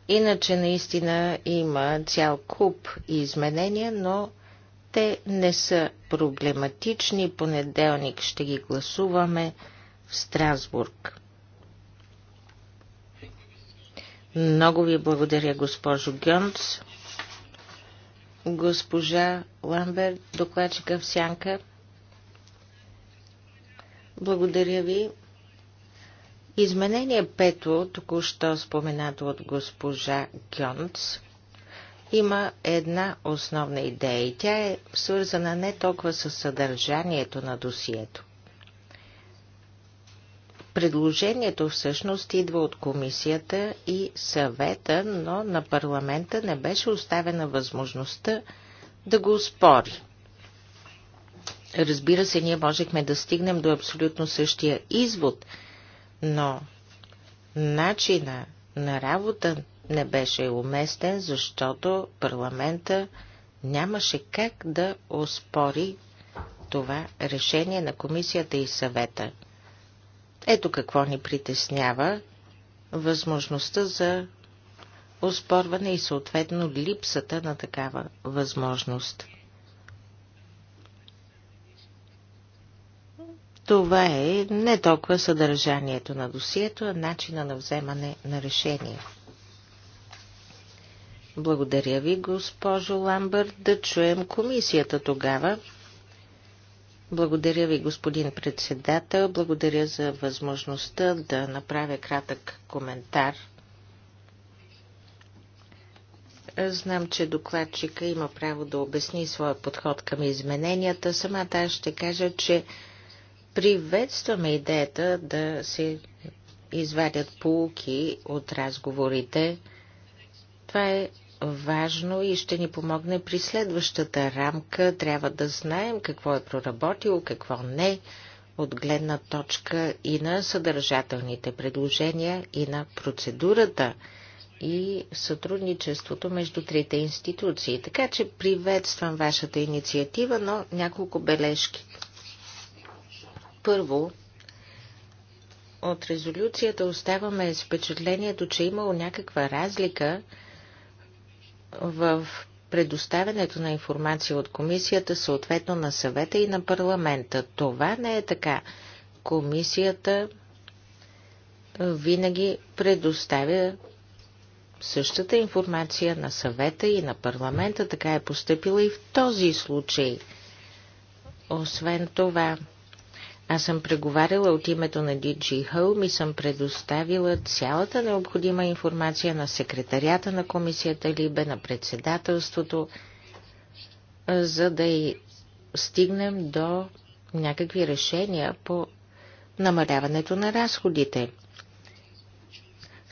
Иначе наистина има цял куп изменения, но те не са проблематични. Понеделник ще ги гласуваме в Страсбург. Много ви благодаря, госпожо Гьонц. Госпожа Ламбер, докладчика в сянка. Благодаря ви. Изменение пето, току-що споменато от госпожа Гьонц – има една основна идея и тя е свързана не толкова с съдържанието на досието. Предложението всъщност идва от комисията и съвета, но на парламента не беше оставена възможността да го спори. Разбира се, ние можехме да стигнем до абсолютно същия извод, но начина на работа не беше уместен, защото парламента нямаше как да оспори това решение на комисията и съвета. Ето какво ни притеснява възможността за оспорване и съответно липсата на такава възможност. Това е не толкова съдържанието на досието, а начина на вземане на решение. Благодаря ви, госпожо Ламбърт. Да чуем комисията тогава. Благодаря ви, господин председател. Благодаря за възможността да направя кратък коментар. Знам, че докладчика има право да обясни своя подход към измененията. Самата аз ще кажа, че приветстваме идеята да се извадят полуки от разговорите. Това е важно и ще ни помогне при следващата рамка. Трябва да знаем какво е проработило, какво не, от гледна точка и на съдържателните предложения, и на процедурата, и сътрудничеството между трите институции. Така че приветствам вашата инициатива, но няколко бележки. Първо, от резолюцията оставаме с впечатлението, че е имало някаква разлика в предоставянето на информация от комисията, съответно на съвета и на парламента. Това не е така. Комисията винаги предоставя същата информация на съвета и на парламента, така е поступила и в този случай. Освен това, аз съм преговаряла от името на DG Home и съм предоставила цялата необходима информация на секретарята на комисията Либе, на председателството, за да и стигнем до някакви решения по намаляването на разходите –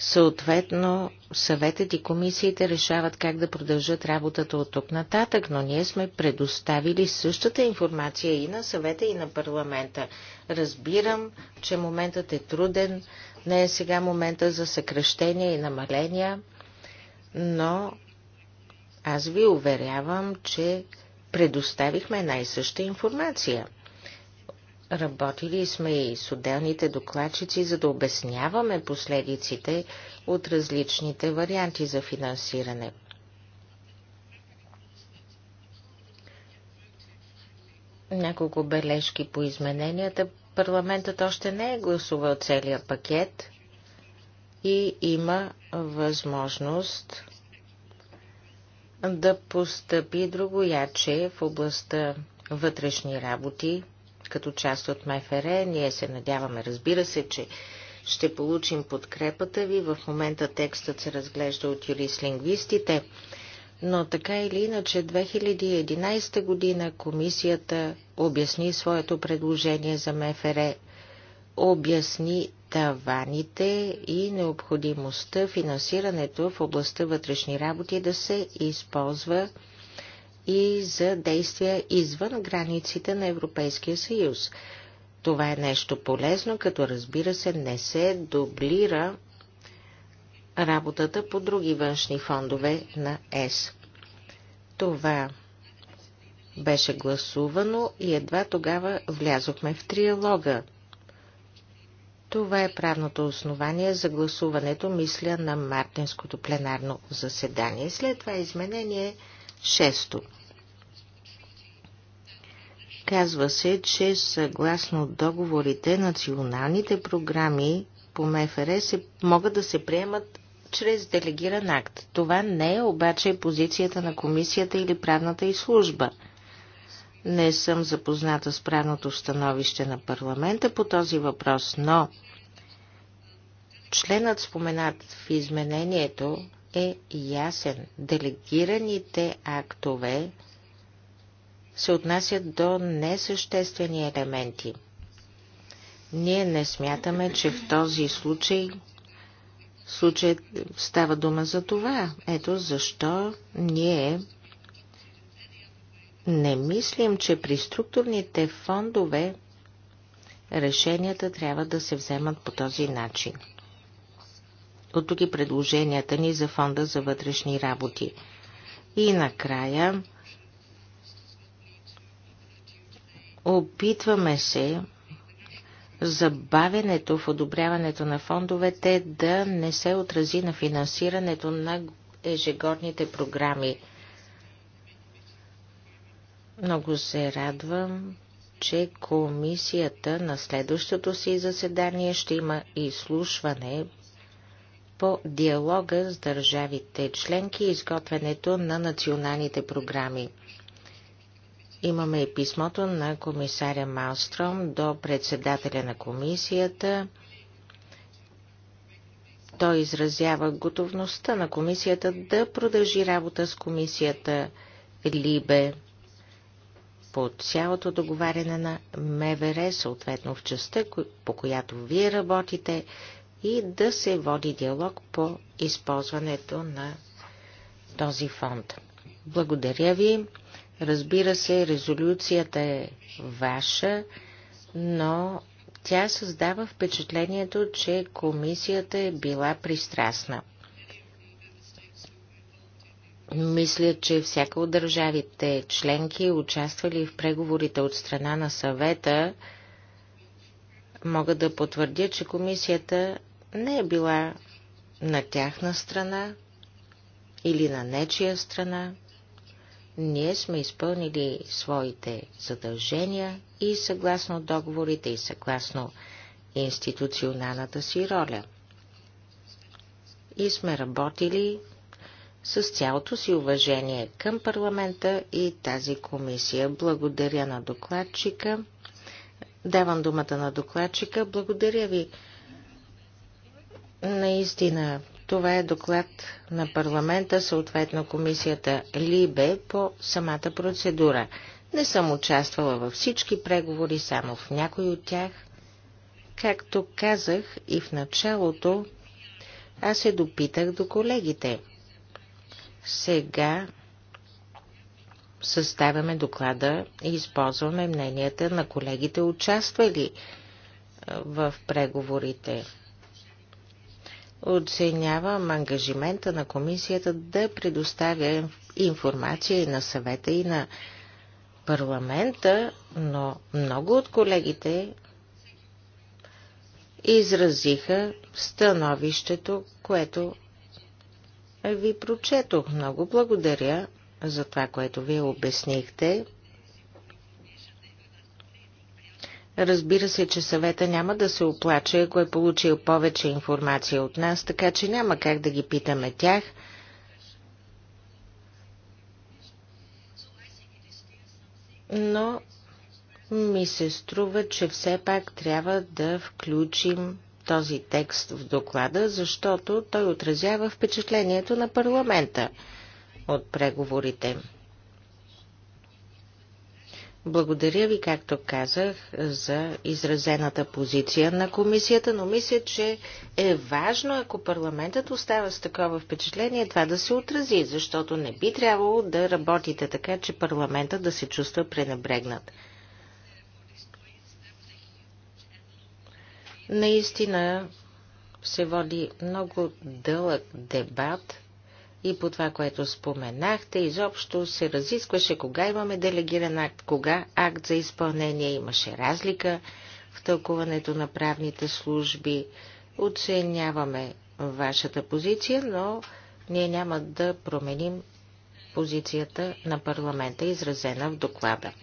Съответно, съветът и комисиите решават как да продължат работата от тук нататък, но ние сме предоставили същата информация и на съвета, и на парламента. Разбирам, че моментът е труден, не е сега момента за съкръщения и намаления, но аз ви уверявам, че предоставихме най-съща информация – Работили сме и с отделните докладчици, за да обясняваме последиците от различните варианти за финансиране. Няколко бележки по измененията. Парламентът още не е гласувал целия пакет и има възможност да постъпи другояче в областта вътрешни работи като част от МФР. Ние се надяваме, разбира се, че ще получим подкрепата ви. В момента текстът се разглежда от юрист-лингвистите. Но така или иначе, 2011 година комисията обясни своето предложение за МФР, обясни таваните и необходимостта финансирането в областта вътрешни работи да се използва и за действия извън границите на Европейския съюз. Това е нещо полезно, като разбира се не се дублира работата по други външни фондове на ЕС. Това беше гласувано и едва тогава влязохме в триалога. Това е правното основание за гласуването, мисля, на мартинското пленарно заседание. След това изменение Шесто. Казва се, че съгласно договорите националните програми по МФР се, могат да се приемат чрез делегиран акт. Това не е обаче позицията на комисията или правната и служба. Не съм запозната с правното становище на парламента по този въпрос, но членът споменат в изменението е ясен. Делегираните актове се отнасят до несъществени елементи. Ние не смятаме, че в този случай, случай става дума за това. Ето защо ние не мислим, че при структурните фондове решенията трябва да се вземат по този начин. От тук и предложенията ни за Фонда за вътрешни работи. И накрая опитваме се забавянето в одобряването на фондовете да не се отрази на финансирането на ежегодните програми. Много се радвам, че комисията на следващото си заседание ще има изслушване по диалога с държавите членки и изготвянето на националните програми. Имаме и писмото на комисаря Малстром до председателя на комисията. Той изразява готовността на комисията да продължи работа с комисията Либе по цялото договаряне на МВР, съответно в частта, по която вие работите, и да се води диалог по използването на този фонд. Благодаря ви. Разбира се, резолюцията е ваша, но тя създава впечатлението, че комисията е била пристрастна. Мисля, че всяка от държавите членки, участвали в преговорите от страна на съвета, могат да потвърдят, че комисията не е била на тяхна страна или на нечия страна. Ние сме изпълнили своите задължения и съгласно договорите и съгласно институционалната си роля. И сме работили с цялото си уважение към парламента и тази комисия. Благодаря на докладчика. Давам думата на докладчика. Благодаря ви Наистина, това е доклад на парламента, съответно комисията Либе по самата процедура. Не съм участвала във всички преговори, само в някой от тях. Както казах и в началото, аз се допитах до колегите. Сега съставяме доклада и използваме мненията на колегите, участвали в преговорите оценявам ангажимента на комисията да предоставя информация и на съвета и на парламента, но много от колегите изразиха становището, което ви прочетох. Много благодаря за това, което вие обяснихте. Разбира се, че съвета няма да се оплаче, ако е получил повече информация от нас, така че няма как да ги питаме тях. Но ми се струва, че все пак трябва да включим този текст в доклада, защото той отразява впечатлението на парламента от преговорите. Благодаря ви, както казах, за изразената позиция на комисията, но мисля, че е важно, ако парламентът остава с такова впечатление, това да се отрази, защото не би трябвало да работите така, че парламентът да се чувства пренебрегнат. Наистина се води много дълъг дебат и по това, което споменахте, изобщо се разискваше кога имаме делегиран акт, кога акт за изпълнение имаше разлика в тълкуването на правните служби. Оценяваме вашата позиция, но ние няма да променим позицията на парламента, изразена в доклада.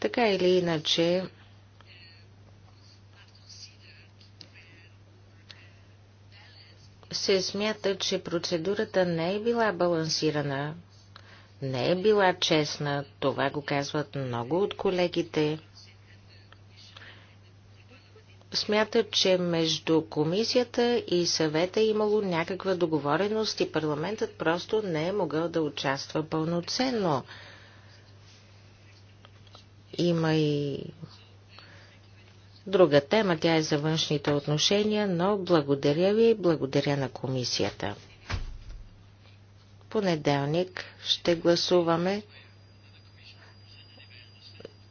Така или иначе, се смята, че процедурата не е била балансирана, не е била честна. Това го казват много от колегите. Смятат, че между комисията и съвета е имало някаква договореност и парламентът просто не е могъл да участва пълноценно. Има и друга тема, тя е за външните отношения, но благодаря ви и благодаря на комисията. Понеделник ще гласуваме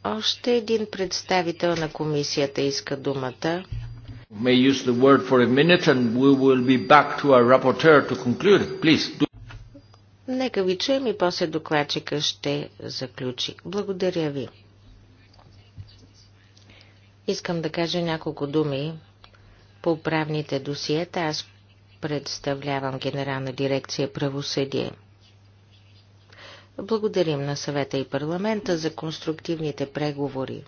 още един представител на комисията иска думата. May use the word for a minute and we will be back to our rapporteur to conclude. Please. Do... Нека ви чуем и после докладчика ще заключи. Благодаря ви. Искам да кажа няколко думи по правните досиета. Аз представлявам Генерална дирекция правосъдие. Благодарим на съвета и парламента за конструктивните преговори.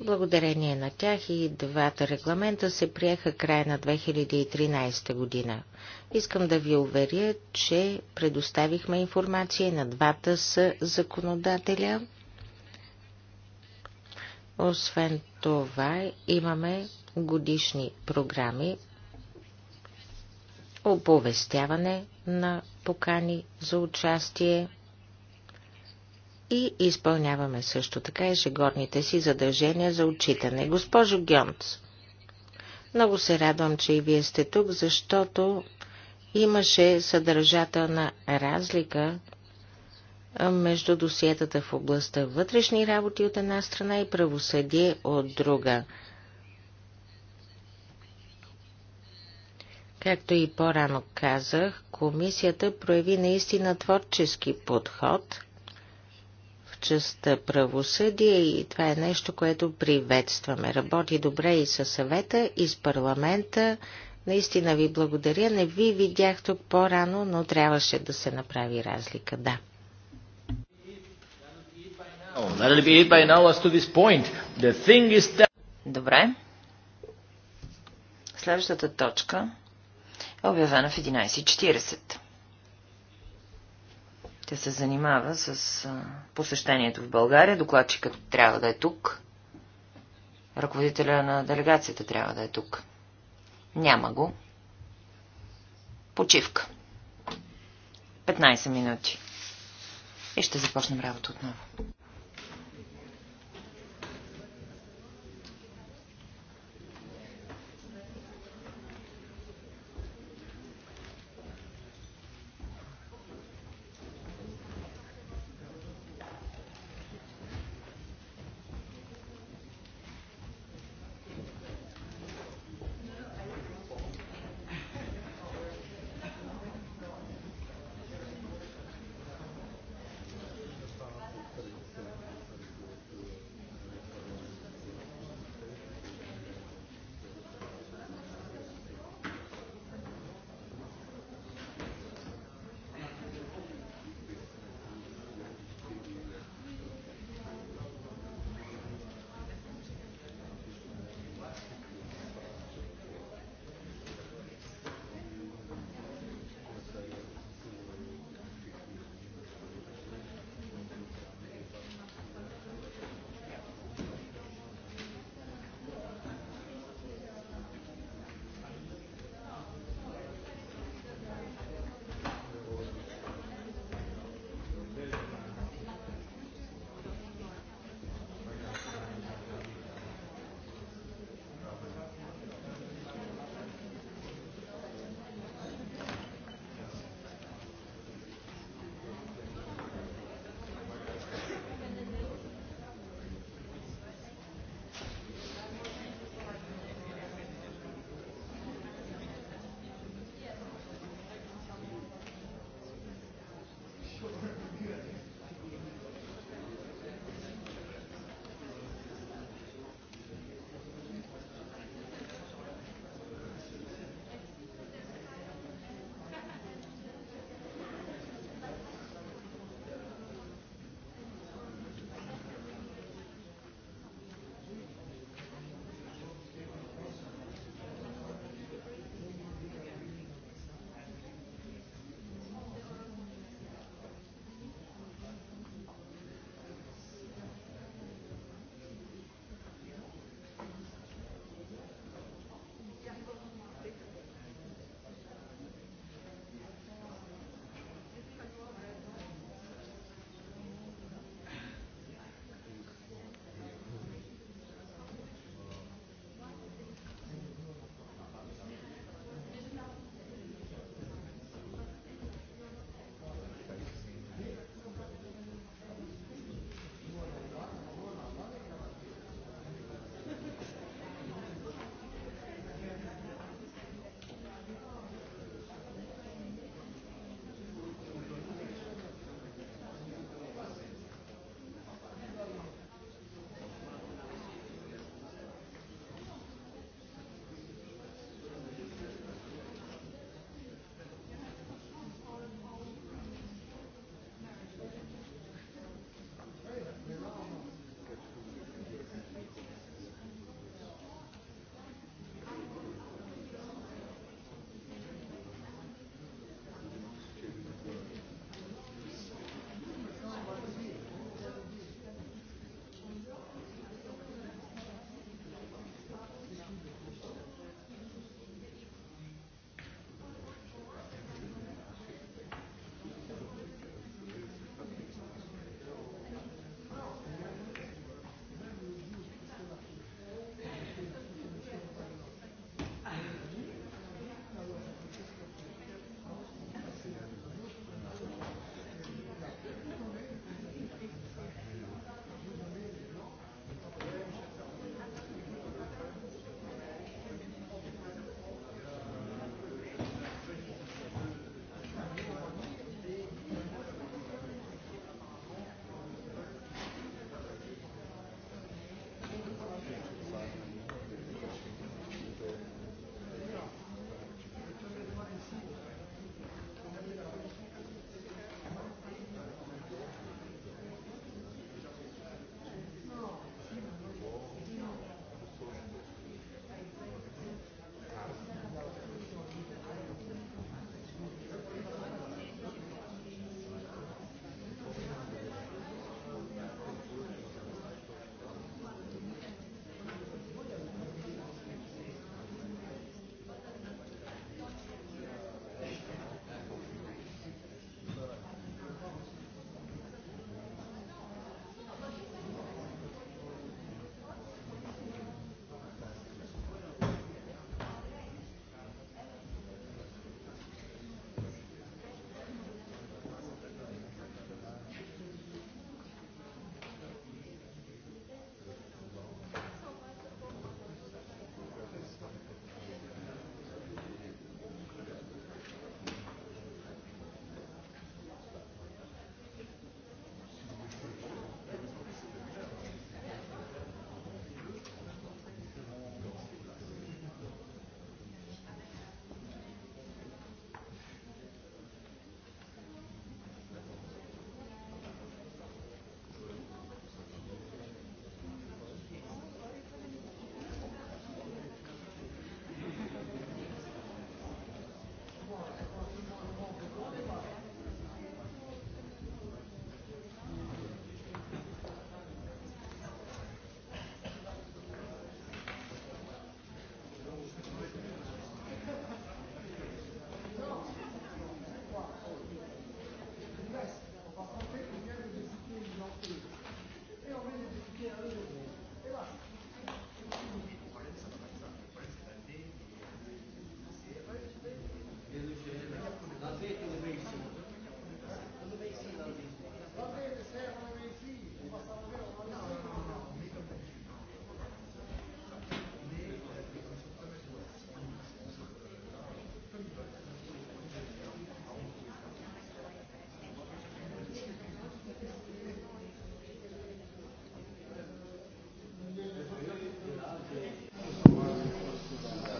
Благодарение на тях и двата регламента се приеха края на 2013 година. Искам да ви уверя, че предоставихме информация на двата с законодателя освен това, имаме годишни програми, оповестяване на покани за участие и изпълняваме също така ежегодните си задължения за отчитане. Госпожо Гьонц, много се радвам, че и вие сте тук, защото имаше съдържателна разлика между досиетата в областта вътрешни работи от една страна и правосъдие от друга. Както и по-рано казах, комисията прояви наистина творчески подход в частта правосъдие и това е нещо, което приветстваме. Работи добре и със съвета, и с парламента. Наистина ви благодаря. Не ви видях тук по-рано, но трябваше да се направи разлика. Да. Oh, Добре. Следващата точка е обявена в 11.40. Тя се занимава с посещението в България. Докладчикът трябва да е тук. Ръководителя на делегацията трябва да е тук. Няма го. Почивка. 15 минути. И ще започнем работа отново.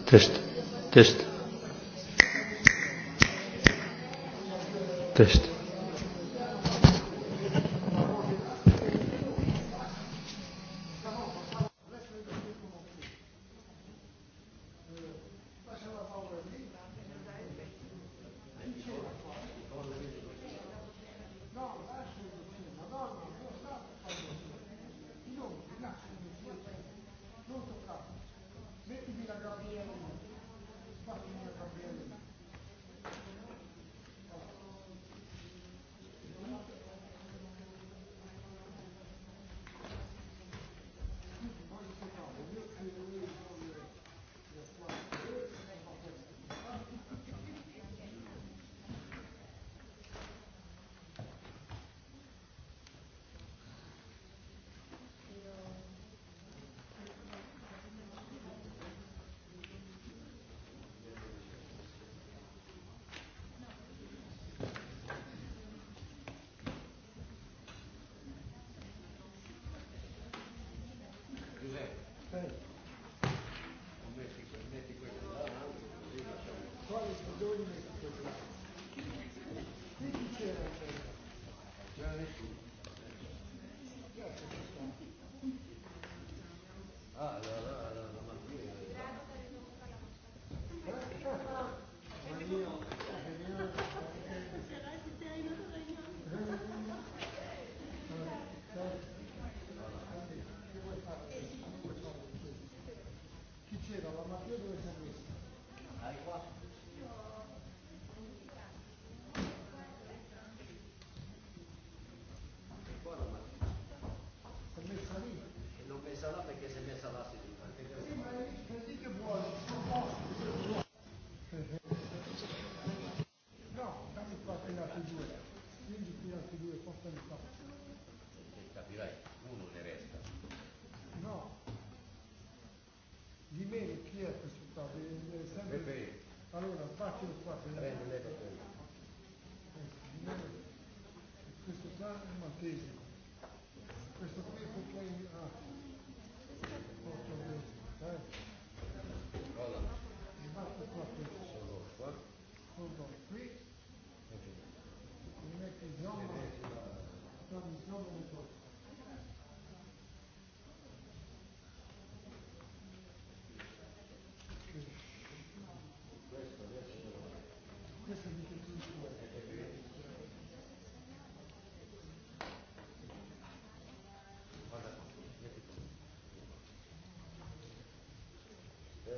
Тест. Тест. Тест.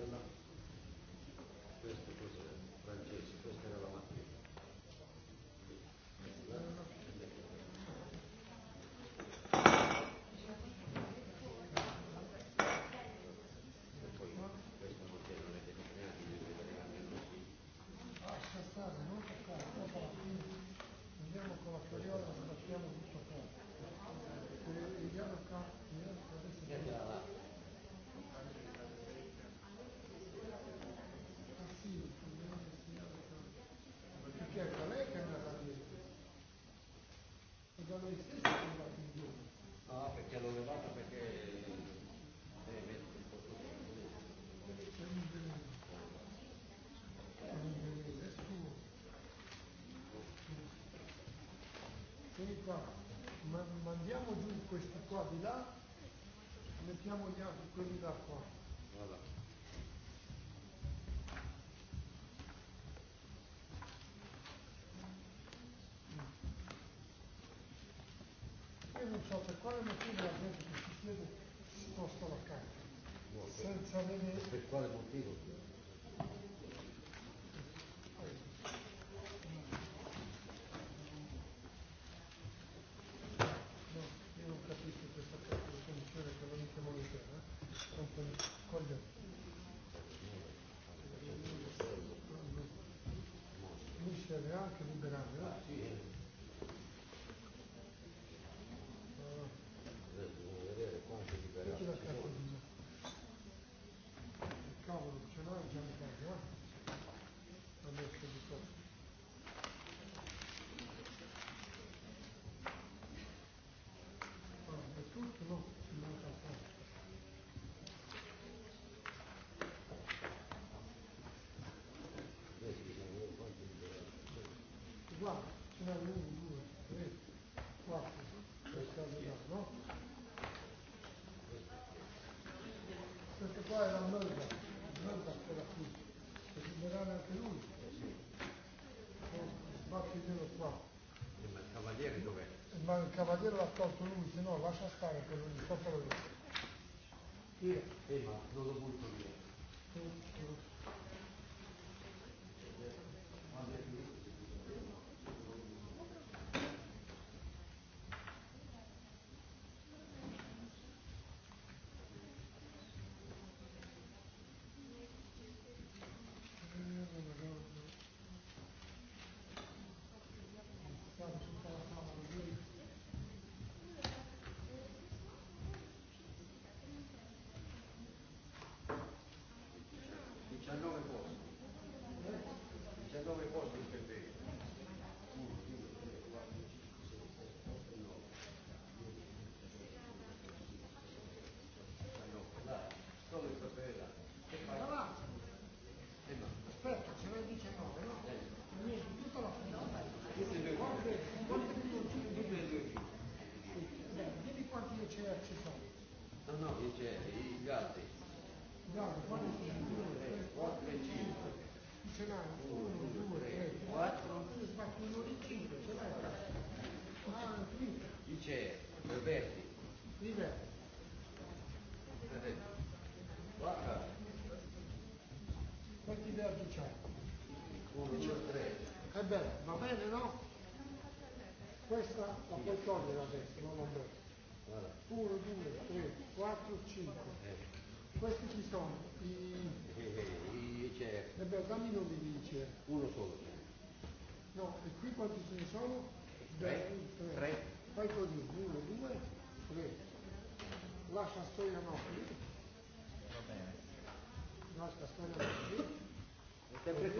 на qua, ma, mandiamo giù questi qua di là, mettiamo gli altri quelli da qua. Voilà. Io non so per quale motivo la gente che si chiede sposta la carta, senza vedere... Per quale motivo? Grazie. qua era Mölder, Mölder era qui, e generale anche lui, sbattitelo qua. Ma il cavaliere dov'è? Ma il cavaliere l'ha tolto lui, se no lascia stare quello lì, toccalo lì. Via. Eh, ma non lo butto via. togliere adesso, non ho detto. 1, 2, 3, 4, 5. Questi chi sono? I... I CF. E beh, dammi i nomi di ICF. Uno solo. No, e qui quanti ce ne sono? 3. 3. Fai così, 1, 2, 3. Lascia storia nostra. Va bene. Lascia storia nostra.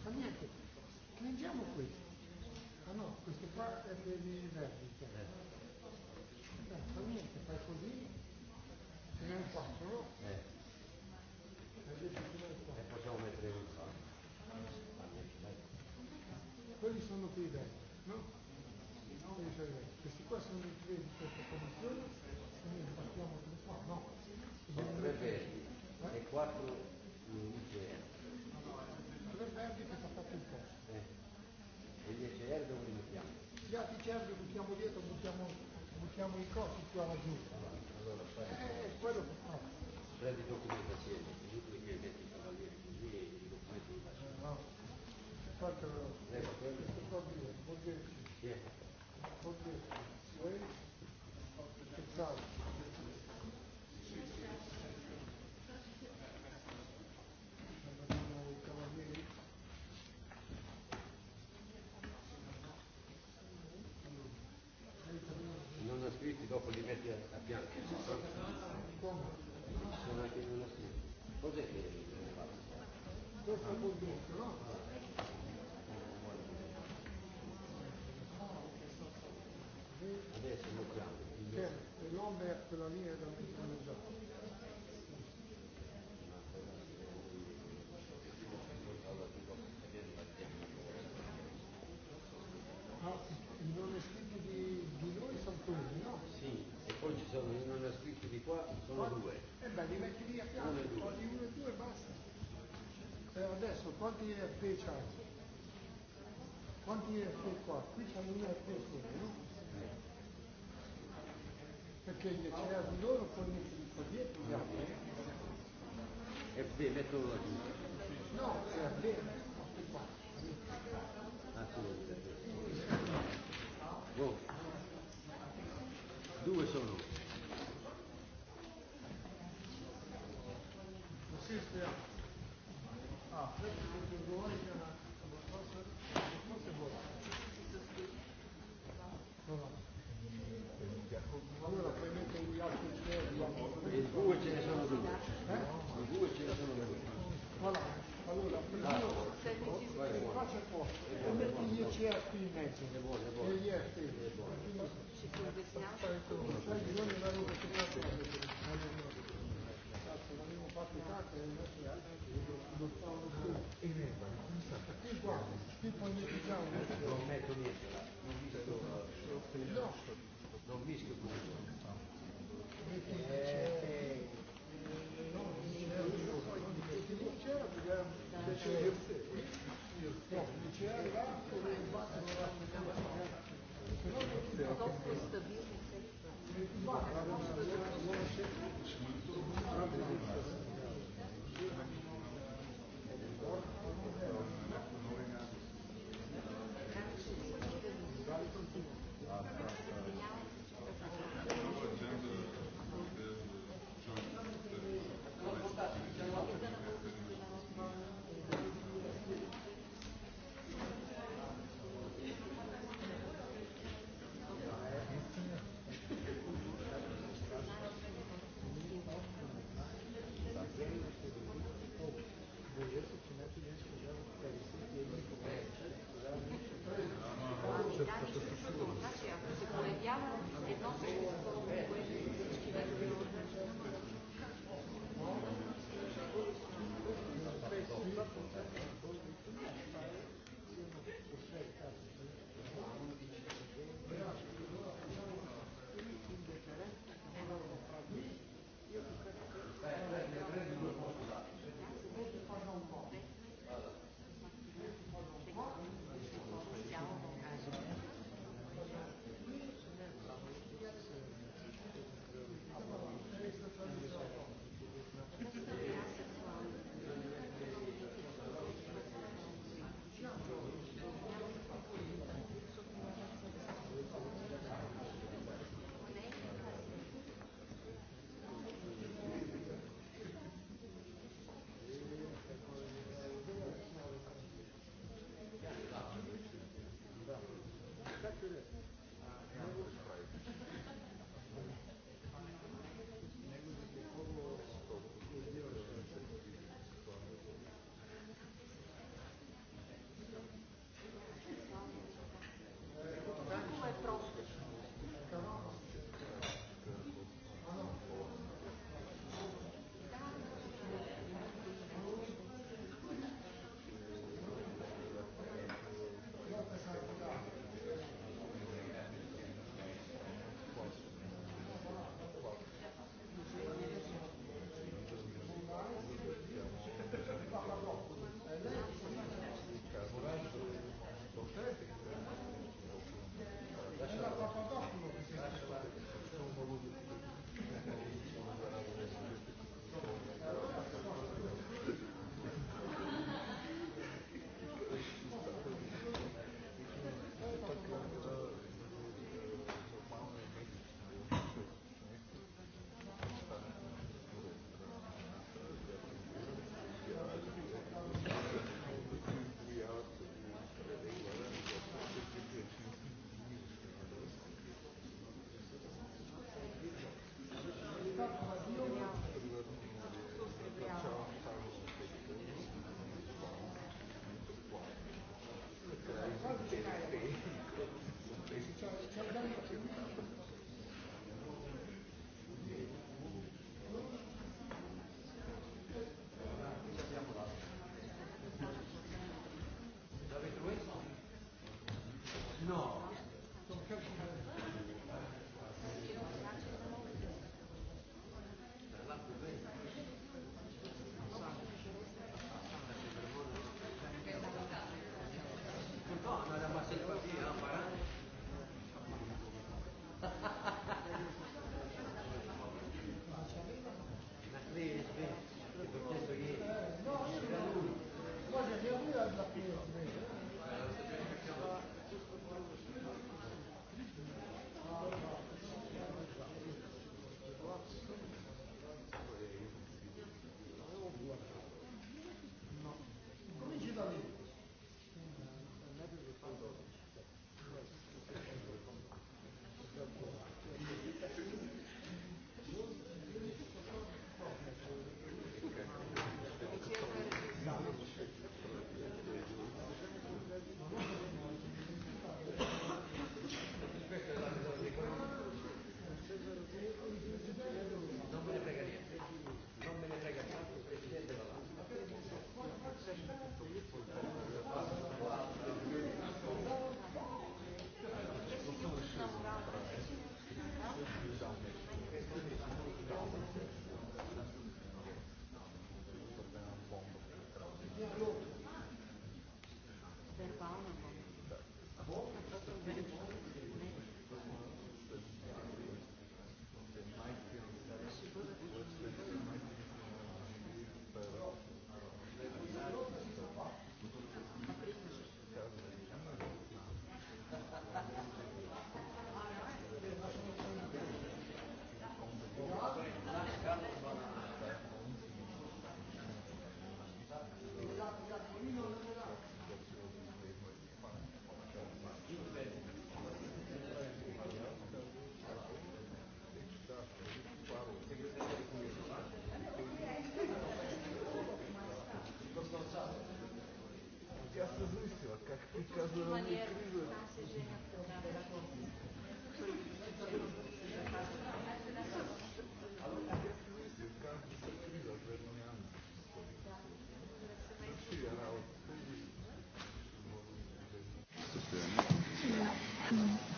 fa niente, prendiamo questo. Ah no, questo qua è per verdi. fa niente, fai così, ce n'è un 4, E possiamo mettere un qua. Quelli sono qui i verdi, no? Questi qua sono i tre di questa formazione, noi partiamo da qua, no? tre quattro Dovrebbe avervi buttiamo dietro, buttiamo, buttiamo i costi qua laggiù. Allora, quello che fa. così e i documenti li No. Fatelo. Sì. Cos'è che passo? Questo è un molto no? Adesso lo chiamo. Certo, l'Ombert la linea da mettere sono di noi sono tutti, no? Sì, e poi ci sono, i non ha scritto di qua, sono due. E beh, li metti lì a fianco, togli uno e due e basta. E adesso quanti a EFP c'hai? Quanti a EFP qua? Qui c'è un EFP solo, no? Perché gli c'era di loro poi il foglietto. dietro gli altri. EFP, metto la giù. No, EFP. stabilni sektor.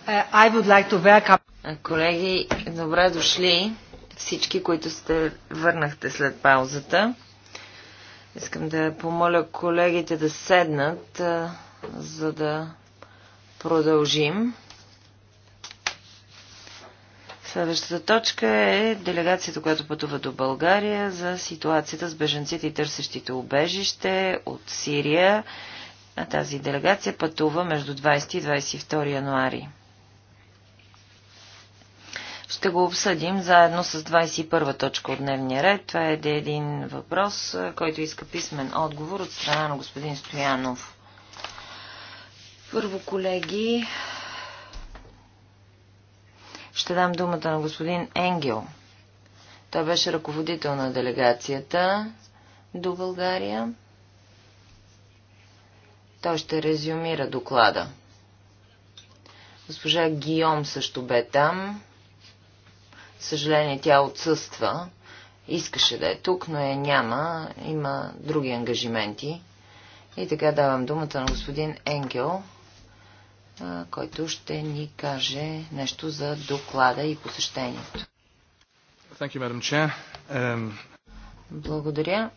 Uh, I would like to welcome... Колеги, добре дошли всички, които сте върнахте след паузата. Искам да помоля колегите да седнат, uh, за да продължим. Следващата точка е делегацията, която пътува до България за ситуацията с беженците и търсещите убежище от Сирия. А тази делегация пътува между 20 и 22 януари. Ще го обсъдим заедно с 21 точка от дневния ред. Това е един въпрос, който иска писмен отговор от страна на господин Стоянов. Първо, колеги, ще дам думата на господин Енгел. Той беше ръководител на делегацията до България. Той ще резюмира доклада. Госпожа Гиом също бе там. Съжаление, тя отсъства. Искаше да е тук, но я няма. Има други ангажименти. И така давам думата на господин Енгел, който ще ни каже нещо за доклада и посещението. You, um... Благодаря.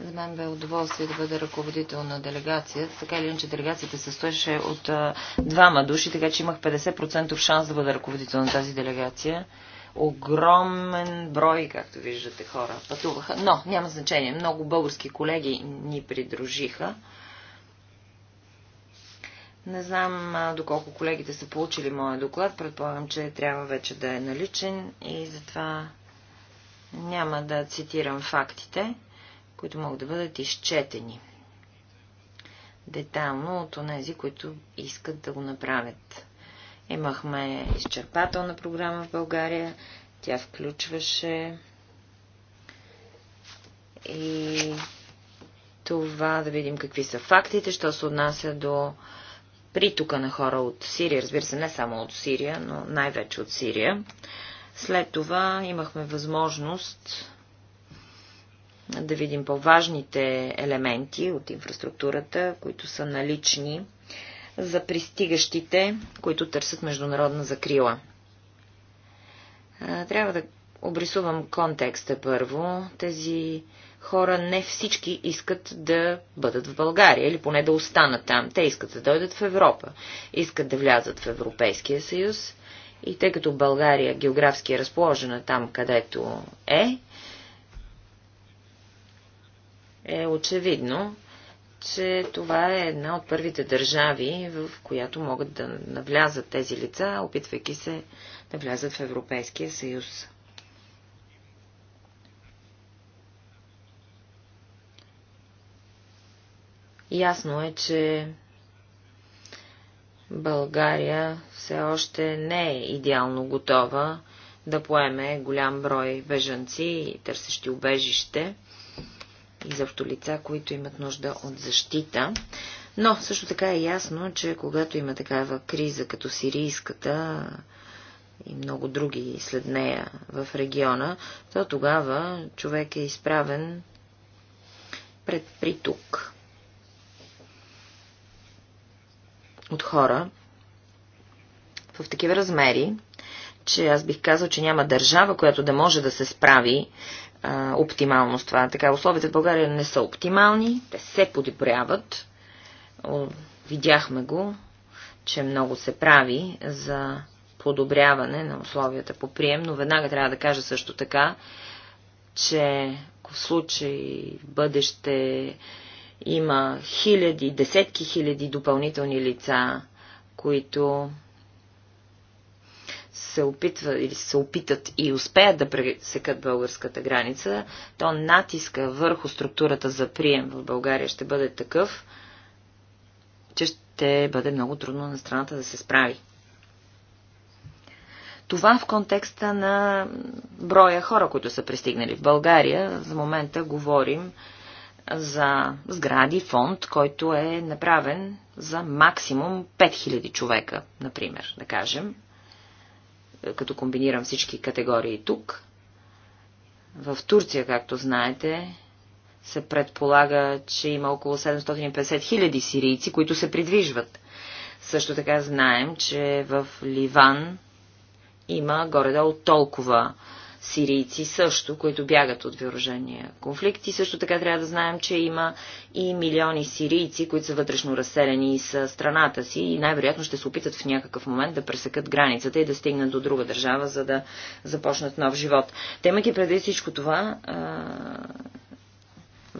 За мен бе удоволствие да бъда ръководител на делегацията. Така или иначе делегацията се състоеше от а, двама души, така че имах 50% шанс да бъда ръководител на тази делегация. Огромен брой, както виждате, хора пътуваха. Но няма значение. Много български колеги ни придружиха. Не знам а, доколко колегите са получили моя доклад. Предполагам, че трябва вече да е наличен и затова няма да цитирам фактите, които могат да бъдат изчетени детайлно от онези, които искат да го направят. Имахме изчерпателна програма в България. Тя включваше и това да видим какви са фактите, що се отнася до притока на хора от Сирия, разбира се, не само от Сирия, но най-вече от Сирия. След това имахме възможност да видим по-важните елементи от инфраструктурата, които са налични за пристигащите, които търсят международна закрила. Трябва да обрисувам контекста първо. Тези хора не всички искат да бъдат в България или поне да останат там. Те искат да дойдат в Европа, искат да влязат в Европейския съюз и тъй като България географски е разположена там, където е, е очевидно, че това е една от първите държави, в която могат да навлязат тези лица, опитвайки се да влязат в Европейския съюз. Ясно е, че България все още не е идеално готова да поеме голям брой бежанци и търсещи убежище и за лица, които имат нужда от защита. Но също така е ясно, че когато има такава криза като сирийската и много други след нея в региона, то тогава човек е изправен пред приток. от хора в такива размери, че аз бих казал, че няма държава, която да може да се справи а, оптимално с това. Така, условията в България не са оптимални, те се подобряват. Видяхме го, че много се прави за подобряване на условията по прием, но веднага трябва да кажа също така, че в случай в бъдеще има хиляди, десетки хиляди допълнителни лица, които се опитва или се опитат и успеят да пресекат българската граница, то натиска върху структурата за прием в България ще бъде такъв, че ще бъде много трудно на страната да се справи. Това в контекста на броя хора, които са пристигнали в България. За момента говорим за сгради, фонд, който е направен за максимум 5000 човека, например, да кажем, като комбинирам всички категории тук. В Турция, както знаете, се предполага, че има около 750 000 сирийци, които се придвижват. Също така знаем, че в Ливан има горе-долу толкова сирийци също, които бягат от въоръжения конфликт. И също така трябва да знаем, че има и милиони сирийци, които са вътрешно разселени с страната си и най-вероятно ще се опитат в някакъв момент да пресекат границата и да стигнат до друга държава, за да започнат нов живот. Темаки преди всичко това,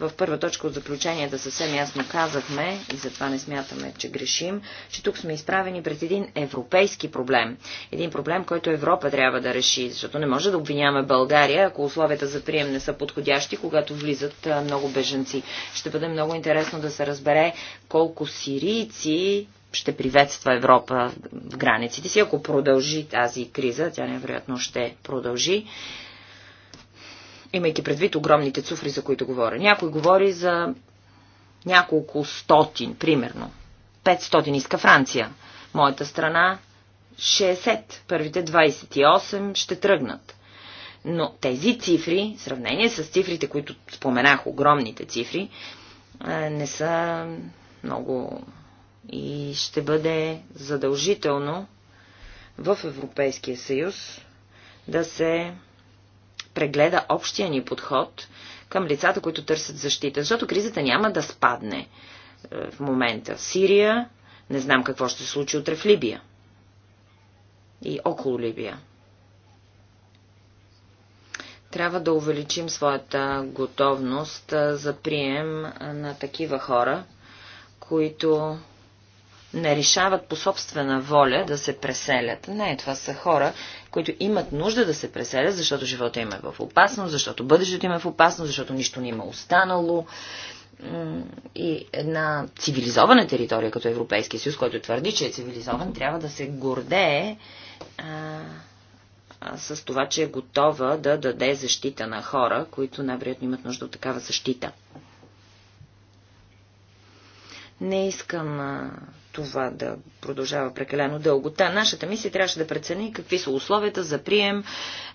в първа точка от заключенията да съвсем ясно казахме, и затова не смятаме, че грешим, че тук сме изправени пред един европейски проблем. Един проблем, който Европа трябва да реши, защото не може да обвиняваме България, ако условията за прием не са подходящи, когато влизат много беженци. Ще бъде много интересно да се разбере колко сирийци ще приветства Европа в границите си, ако продължи тази криза, тя невероятно ще продължи имайки предвид огромните цифри, за които говоря. Някой говори за няколко стотин, примерно. 500 иска Франция. Моята страна 60. Първите 28 ще тръгнат. Но тези цифри, в сравнение с цифрите, които споменах, огромните цифри, е, не са много и ще бъде задължително в Европейския съюз да се прегледа общия ни подход към лицата, които търсят защита, защото кризата няма да спадне е, в момента. Сирия, не знам какво ще се случи утре в Либия и около Либия. Трябва да увеличим своята готовност е, за прием е, на такива хора, които не решават по собствена воля да се преселят. Не, това са хора, които имат нужда да се преселят, защото живота им е в опасност, защото бъдещето им е в опасност, защото нищо не има е останало. И една цивилизована територия, като Европейския съюз, който твърди, че е цивилизован, трябва да се гордее а, с това, че е готова да даде защита на хора, които най-вероятно имат нужда от такава защита. Не искам а, това да продължава прекалено дълго. Та, нашата мисия трябваше да прецени какви са условията за прием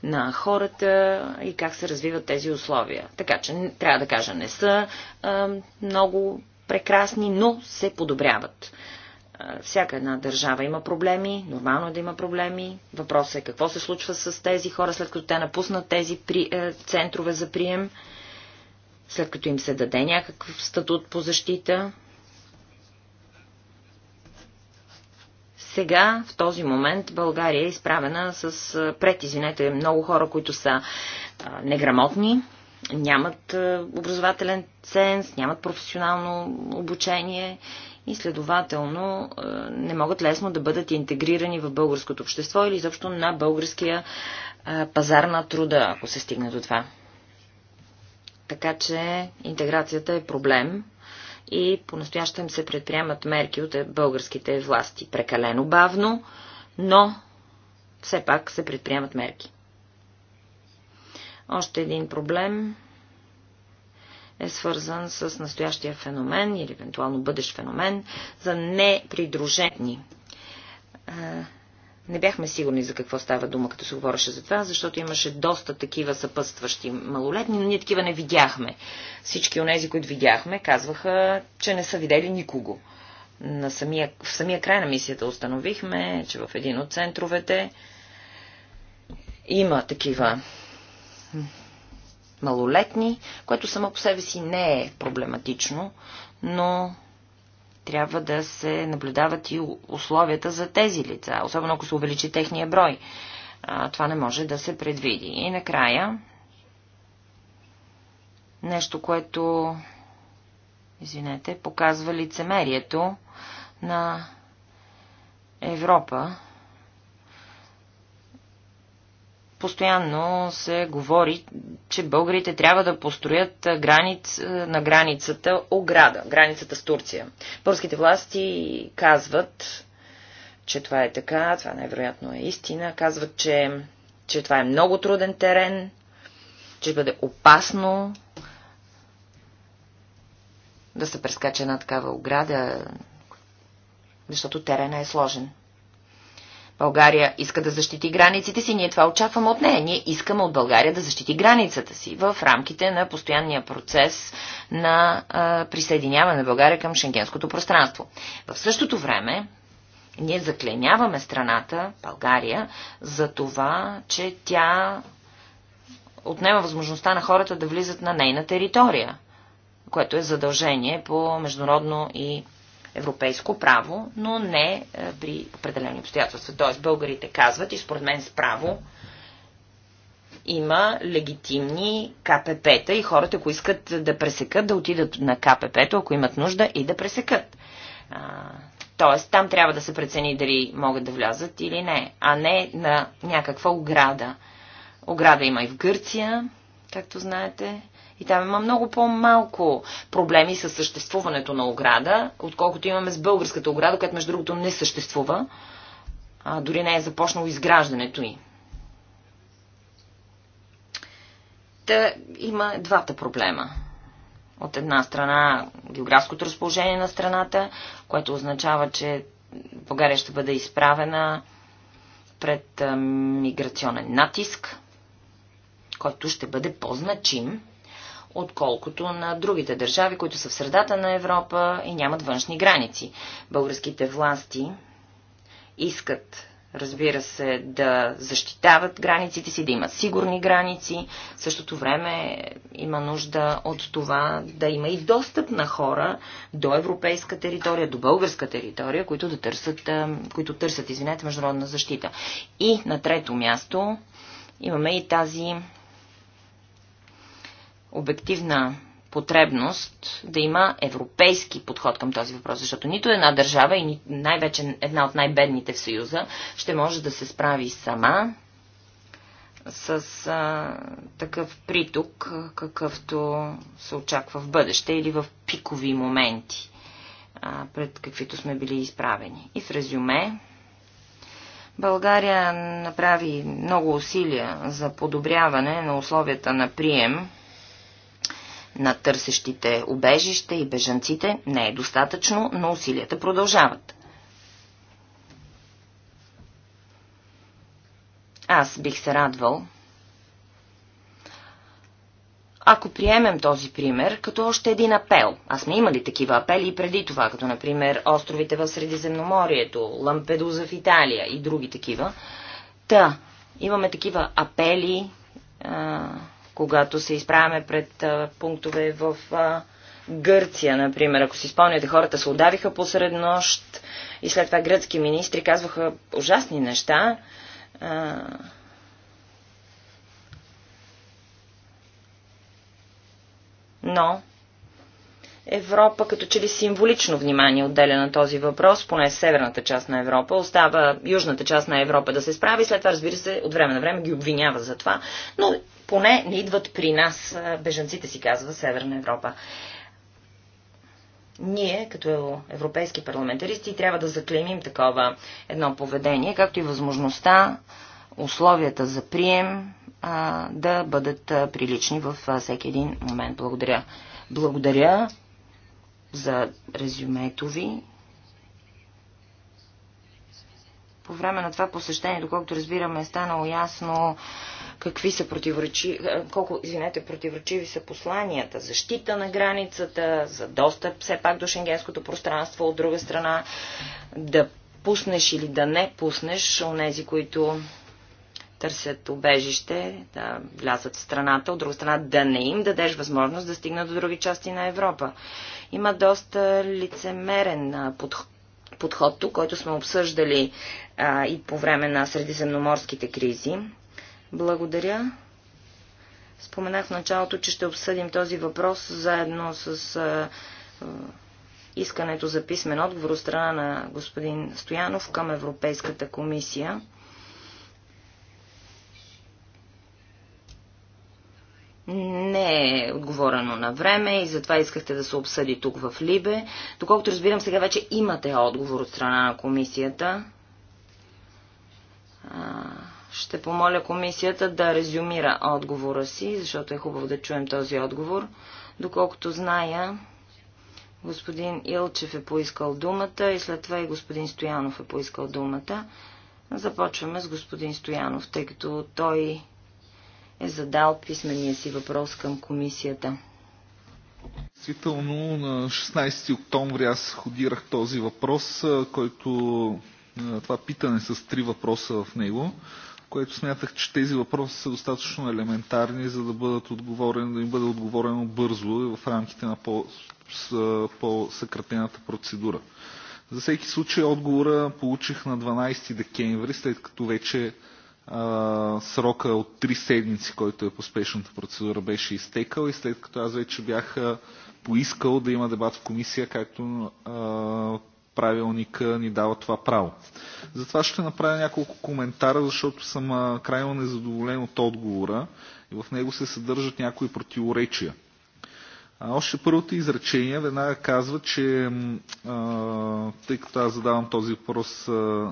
на хората и как се развиват тези условия. Така че, трябва да кажа, не са а, много прекрасни, но се подобряват. А, всяка една държава има проблеми, нормално е да има проблеми. Въпросът е какво се случва с тези хора, след като те напуснат тези при, е, центрове за прием, след като им се даде някакъв статут по защита, Сега, в този момент, България е изправена с пред, извинете, много хора, които са неграмотни, нямат образователен ценз, нямат професионално обучение и следователно не могат лесно да бъдат интегрирани в българското общество или изобщо на българския пазар на труда, ако се стигне до това. Така че интеграцията е проблем и по-настоящем се предприемат мерки от българските власти. Прекалено бавно, но все пак се предприемат мерки. Още един проблем е свързан с настоящия феномен или евентуално бъдещ феномен за непридружени не бяхме сигурни за какво става дума, като се говореше за това, защото имаше доста такива съпътстващи малолетни, но ние такива не видяхме. Всички от тези, които видяхме, казваха, че не са видели никого. На самия, в самия край на мисията установихме, че в един от центровете има такива малолетни, което само по себе си не е проблематично, но трябва да се наблюдават и условията за тези лица, особено ако се увеличи техния брой. А, това не може да се предвиди. И накрая, нещо, което, извинете, показва лицемерието на Европа постоянно се говори, че българите трябва да построят границ, на границата ограда, границата с Турция. Пърските власти казват, че това е така, това невероятно е истина, казват, че, че това е много труден терен, че ще бъде опасно да се прескача една такава ограда, защото терена е сложен. България иска да защити границите си, ние това очакваме от нея. Ние искаме от България да защити границата си в рамките на постоянния процес на а, присъединяване на България към шенгенското пространство. В същото време, ние закленяваме страната, България, за това, че тя отнема възможността на хората да влизат на нейна територия, което е задължение по международно и европейско право, но не е, при определени обстоятелства. Т.е. българите казват и според мен с право има легитимни КПП-та и хората, ако искат да пресекат, да отидат на КПП-то, ако имат нужда и да пресекат. Тоест, там трябва да се прецени дали могат да влязат или не, а не на някаква ограда. Ограда има и в Гърция, както знаете. И там има много по-малко проблеми с съществуването на ограда, отколкото имаме с българската ограда, която между другото не съществува. А, дори не е започнало изграждането й. Та има двата проблема. От една страна географското разположение на страната, което означава, че България ще бъде изправена пред миграционен натиск, който ще бъде по-значим отколкото на другите държави, които са в средата на Европа и нямат външни граници. Българските власти искат разбира се, да защитават границите си, да имат сигурни граници. В същото време има нужда от това да има и достъп на хора до европейска територия, до българска територия, които, да търсят, които търсят извинете, международна защита. И на трето място имаме и тази обективна потребност да има европейски подход към този въпрос, защото нито една държава и най-вече една от най-бедните в Съюза ще може да се справи сама с а, такъв приток, какъвто се очаква в бъдеще или в пикови моменти, а, пред каквито сме били изправени. И в резюме, България направи много усилия за подобряване на условията на прием на търсещите убежище и бежанците не е достатъчно, но усилията продължават. Аз бих се радвал, ако приемем този пример като още един апел, аз сме имали такива апели и преди това, като например островите в Средиземноморието, Лампедуза в Италия и други такива, та имаме такива апели, а когато се изправяме пред пунктове в Гърция, например. Ако си спомняте, хората се удавиха посред нощ и след това гръцки министри казваха ужасни неща. Но Европа като че ли символично внимание отделя на този въпрос, поне северната част на Европа. Остава южната част на Европа да се справи, след това разбира се от време на време ги обвинява за това, но поне не идват при нас бежанците си, казва Северна Европа. Ние, като европейски парламентаристи, трябва да заклеймим такова едно поведение, както и възможността условията за прием да бъдат прилични във всеки един момент. Благодаря. Благодаря за резюмето ви. По време на това посещение, доколкото разбираме, е станало ясно какви са противоречи... колко, извинете, противоречиви са посланията. Защита на границата, за достъп все пак до шенгенското пространство, от друга страна да пуснеш или да не пуснеш нези, които търсят убежище, да влязат в страната, от друга страна да не им дадеш възможност да стигнат до други части на Европа. Има доста лицемерен подход тук, който сме обсъждали а, и по време на средиземноморските кризи. Благодаря. Споменах в началото, че ще обсъдим този въпрос заедно с а, искането за писмен отговор от страна на господин Стоянов към Европейската комисия. не е отговорено на време и затова искахте да се обсъди тук в Либе. Доколкото разбирам, сега вече имате отговор от страна на комисията. Ще помоля комисията да резюмира отговора си, защото е хубаво да чуем този отговор. Доколкото зная, господин Илчев е поискал думата и след това и господин Стоянов е поискал думата. Започваме с господин Стоянов, тъй като той е задал писмения си въпрос към комисията. Действително на 16 октомври аз ходирах този въпрос, който това питане с три въпроса в него, което смятах, че тези въпроси са достатъчно елементарни, за да бъдат отговорени, да им бъде отговорено бързо в рамките на по, с, по-съкратената процедура. За всеки случай отговора получих на 12 декември, след като вече а, срока от три седмици, който е по спешната процедура, беше изтекал и след като аз вече бях поискал да има дебат в комисия, както а, правилника ни дава това право. Затова ще направя няколко коментара, защото съм а, крайно незадоволен от отговора и в него се съдържат някои противоречия. А, още първото изречение веднага казва, че а, тъй като аз задавам този въпрос а,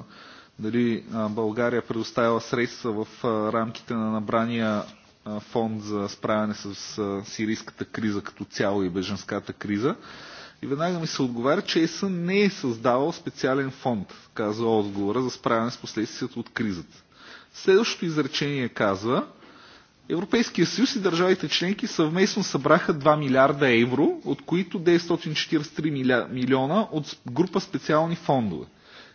дали България предоставила средства в рамките на набрания фонд за справяне с сирийската криза като цяло и беженската криза. И веднага ми се отговаря, че ЕСА не е създавал специален фонд, казва отговора, за справяне с последствията от кризата. Следващото изречение казва, Европейския съюз и държавите членки съвместно събраха 2 милиарда евро, от които 943 милиона от група специални фондове.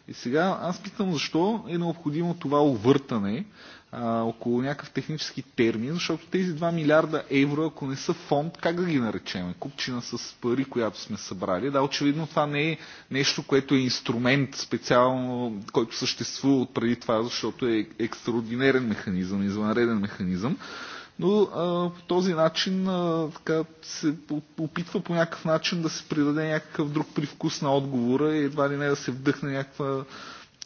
И сега аз питам защо е необходимо това увъртане а, около някакъв технически термин, защото тези 2 милиарда евро, ако не са фонд, как да ги наречем? Купчина с пари, която сме събрали. Да, очевидно това не е нещо, което е инструмент специално, който съществува от преди това, защото е екстраординерен механизъм, извънреден механизъм но а, по този начин а, така, се опитва по някакъв начин да се придаде някакъв друг привкус на отговора и едва ли не да се вдъхне някаква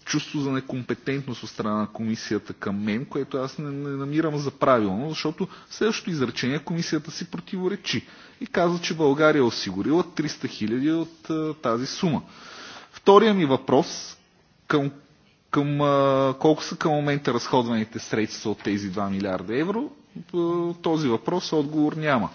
чувство за некомпетентност от страна на комисията към мен, което аз не, не намирам за правилно, защото следващото изречение комисията си противоречи и каза, че България е осигурила 300 хиляди от а, тази сума. Втория ми въпрос към, към а, колко са към момента разходваните средства от тези 2 милиарда евро по е, този въпрос отговор няма.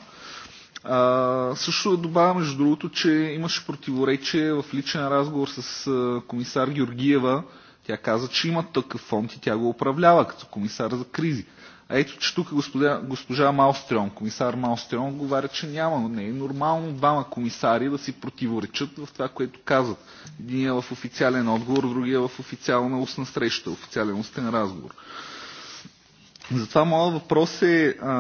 А, също да добавя, между другото, че имаше противоречие в личен разговор с а, е, комисар Георгиева. Тя каза, че има такъв фонд и тя го управлява като комисар за кризи. А ето, че тук господя, госпожа Малстрион, комисар Малстрион говоря, че няма. Но не е нормално двама комисари да си противоречат в това, което казват. Един е в официален отговор, другия е в официална устна среща, официален устен разговор. Затова моят въпрос е а,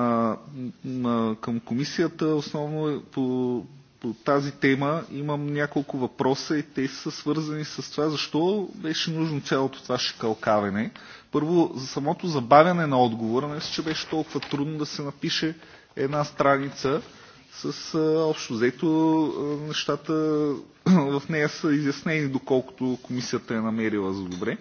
а, към комисията, основно е по, по тази тема. Имам няколко въпроса и те са свързани с това, защо беше нужно цялото това шикалкаване. Първо, за самото забавяне на отговора, мисля, че беше толкова трудно да се напише една страница с а, общо взето а, нещата в нея са изяснени, доколкото комисията е намерила за добре.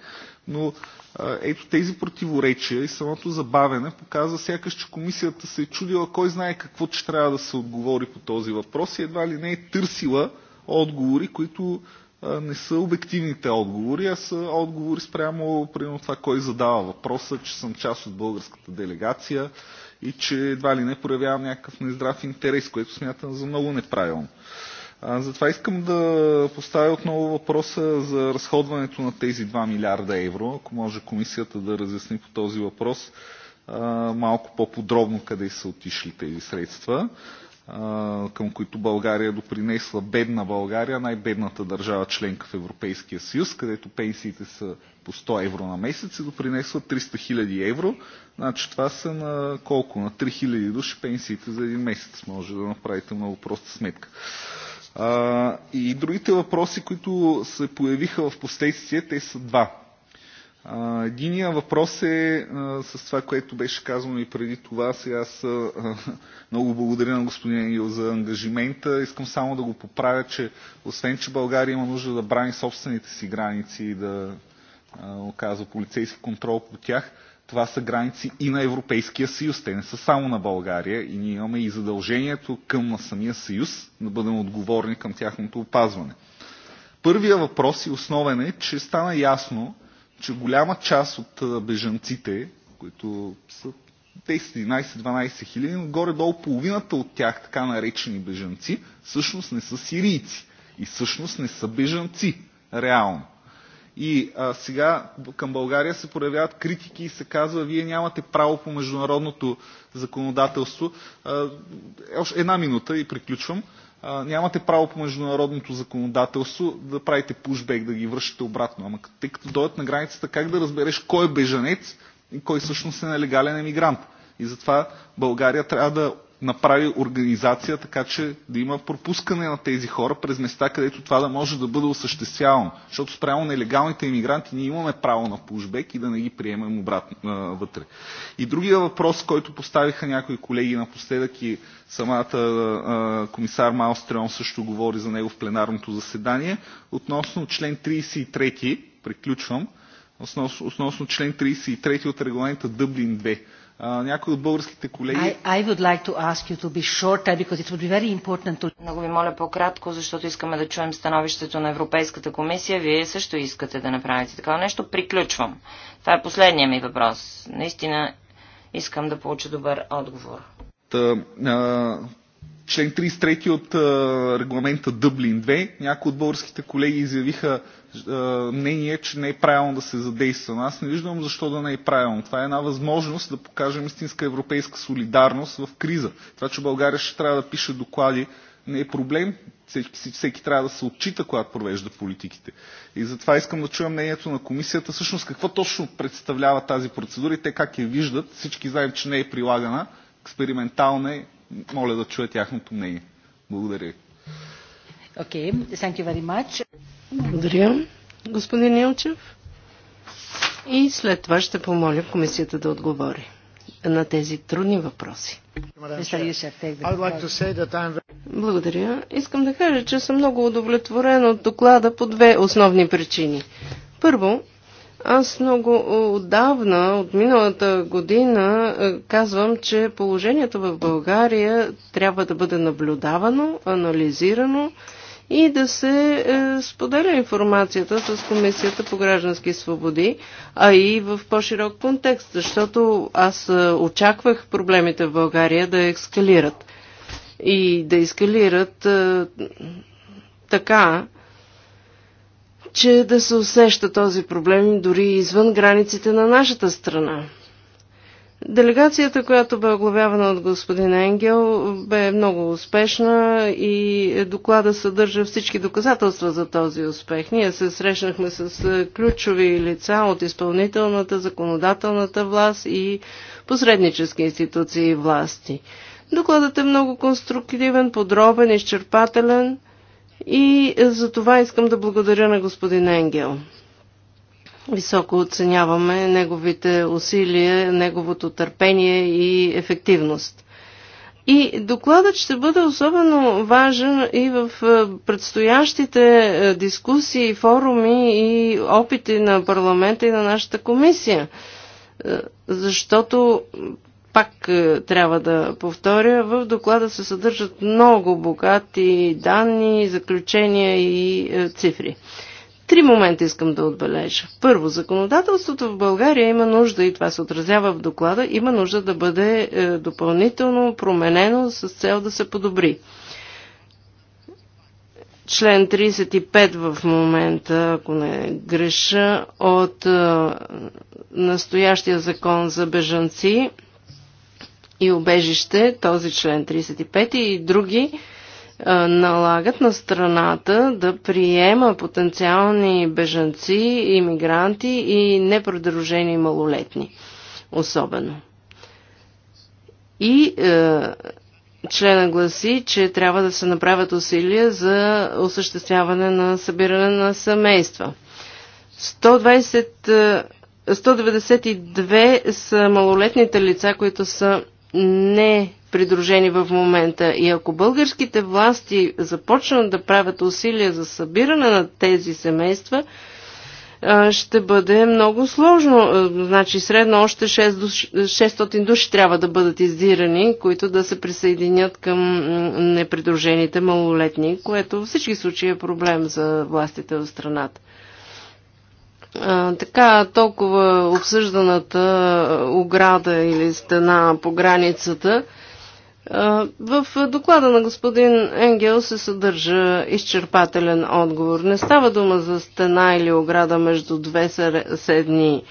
Но а, ето тези противоречия и самото забавене показва сякаш, че комисията се е чудила кой знае какво, че трябва да се отговори по този въпрос и едва ли не е търсила отговори, които а, не са обективните отговори, а са отговори спрямо примерно това, кой задава въпроса, че съм част от българската делегация, и че едва ли не проявявам някакъв нездрав интерес, което смятам за много неправилно. А, затова искам да поставя отново въпроса за разходването на тези 2 милиарда евро. Ако може комисията да разясни по този въпрос а, малко по-подробно къде са отишли тези средства към които България допринесла бедна България, най-бедната държава членка в Европейския съюз, където пенсиите са по 100 евро на месец и допринесла 300 000 евро. Значи това са на колко? На 3000 души пенсиите за един месец. Може да направите много проста сметка. А, и другите въпроси, които се появиха в последствие, те са два. Единия въпрос е с това, което беше казано и преди това. Сега аз а, много благодаря на господин Ангел за ангажимента. Искам само да го поправя, че освен, че България има нужда да брани собствените си граници и да а, оказва полицейски контрол по тях, това са граници и на Европейския съюз. Те не са само на България и ние имаме и задължението към на самия съюз да бъдем отговорни към тяхното опазване. Първия въпрос и основен е, че стана ясно, че голяма част от бежанците, които са 10, 11, 12 хиляди, горе-долу половината от тях, така наречени бежанци, всъщност не са сирийци. И всъщност не са бежанци, реално. И а, сега към България се проявяват критики и се казва, вие нямате право по международното законодателство. А, е една минута и приключвам а, нямате право по международното законодателство да правите пушбек, да ги връщате обратно. Ама тъй като дойдат на границата, как да разбереш кой е бежанец и кой всъщност е нелегален емигрант? И затова България трябва да направи организация, така че да има пропускане на тези хора през места, където това да може да бъде осъществявано. Защото спрямо нелегалните иммигранти ние имаме право на пушбек и да не ги приемем обратно вътре. И другия въпрос, който поставиха някои колеги напоследък и самата а, комисар Малстреон също говори за него в пленарното заседание, относно член 33, приключвам, относно, относно член 33 от регламента Дъблин 2 някои от българските колеги... I, I would like to ask you to be shorter, because it would be very important to... Много ви моля по-кратко, защото искаме да чуем становището на Европейската комисия. Вие също искате да направите такова нещо. Приключвам. Това е последния ми въпрос. Наистина искам да получа добър отговор. Та, а, член 33 от а, регламента Дъблин 2. Някои от българските колеги изявиха а, мнение, че не е правилно да се задейства. Аз не виждам защо да не е правилно. Това е една възможност да покажем истинска европейска солидарност в криза. Това, че България ще трябва да пише доклади, не е проблем. Всеки, всеки трябва да се отчита, когато провежда политиките. И затова искам да чуя мнението на комисията, всъщност какво точно представлява тази процедура и те как я виждат. Всички знаем, че не е прилагана, експериментална е моля да чуя тяхното мнение. Благодаря. Okay, thank you very much. Благодаря, господин Илчев. И след това ще помоля комисията да отговори на тези трудни въпроси. Благодаря. Искам да кажа, че съм много удовлетворен от доклада по две основни причини. Първо, аз много е, отдавна, от миналата година, е, казвам, че положението в България трябва да бъде наблюдавано, анализирано и да се е, споделя информацията с Комисията по граждански свободи, а и в по-широк контекст, защото аз очаквах проблемите в България да ескалират и да ескалират така, че да се усеща този проблем дори извън границите на нашата страна. Делегацията, която бе оглавявана от господин Енгел, бе много успешна и доклада съдържа всички доказателства за този успех. Ние се срещнахме с е, ключови лица от изпълнителната, законодателната власт и посреднически институции и власти. Докладът е много конструктивен, подробен, изчерпателен и за това искам да благодаря на господин Енгел. Високо оценяваме неговите усилия, неговото търпение и ефективност. И докладът ще бъде особено важен и в е, предстоящите е, дискусии, форуми и опити на парламента и на нашата комисия. Е, защото пак е, трябва да повторя, в доклада се съдържат много богати данни, заключения и е, цифри. Три момента искам да отбележа. Първо, законодателството в България има нужда, и това се отразява в доклада, има нужда да бъде е, допълнително променено с цел да се подобри. Член 35 в момента, ако не греша, от настоящия закон за бежанци и убежище, този член 35 и други, е, налагат на страната да приема потенциални бежанци, иммигранти и непредружени малолетни, особено. И е, члена гласи, че трябва да се направят усилия за осъществяване на събиране на семейства. 120, 192 е, са малолетните лица, които са не придружени в момента. И ако българските власти започнат да правят усилия за събиране на тези семейства, ще бъде много сложно. Значи средно още 600 души трябва да бъдат издирани, които да се присъединят към непридружените малолетни, което във всички случаи е проблем за властите в страната така толкова обсъжданата ограда или стена по границата. В доклада на господин Енгел се съдържа изчерпателен отговор. Не става дума за стена или ограда между две съседни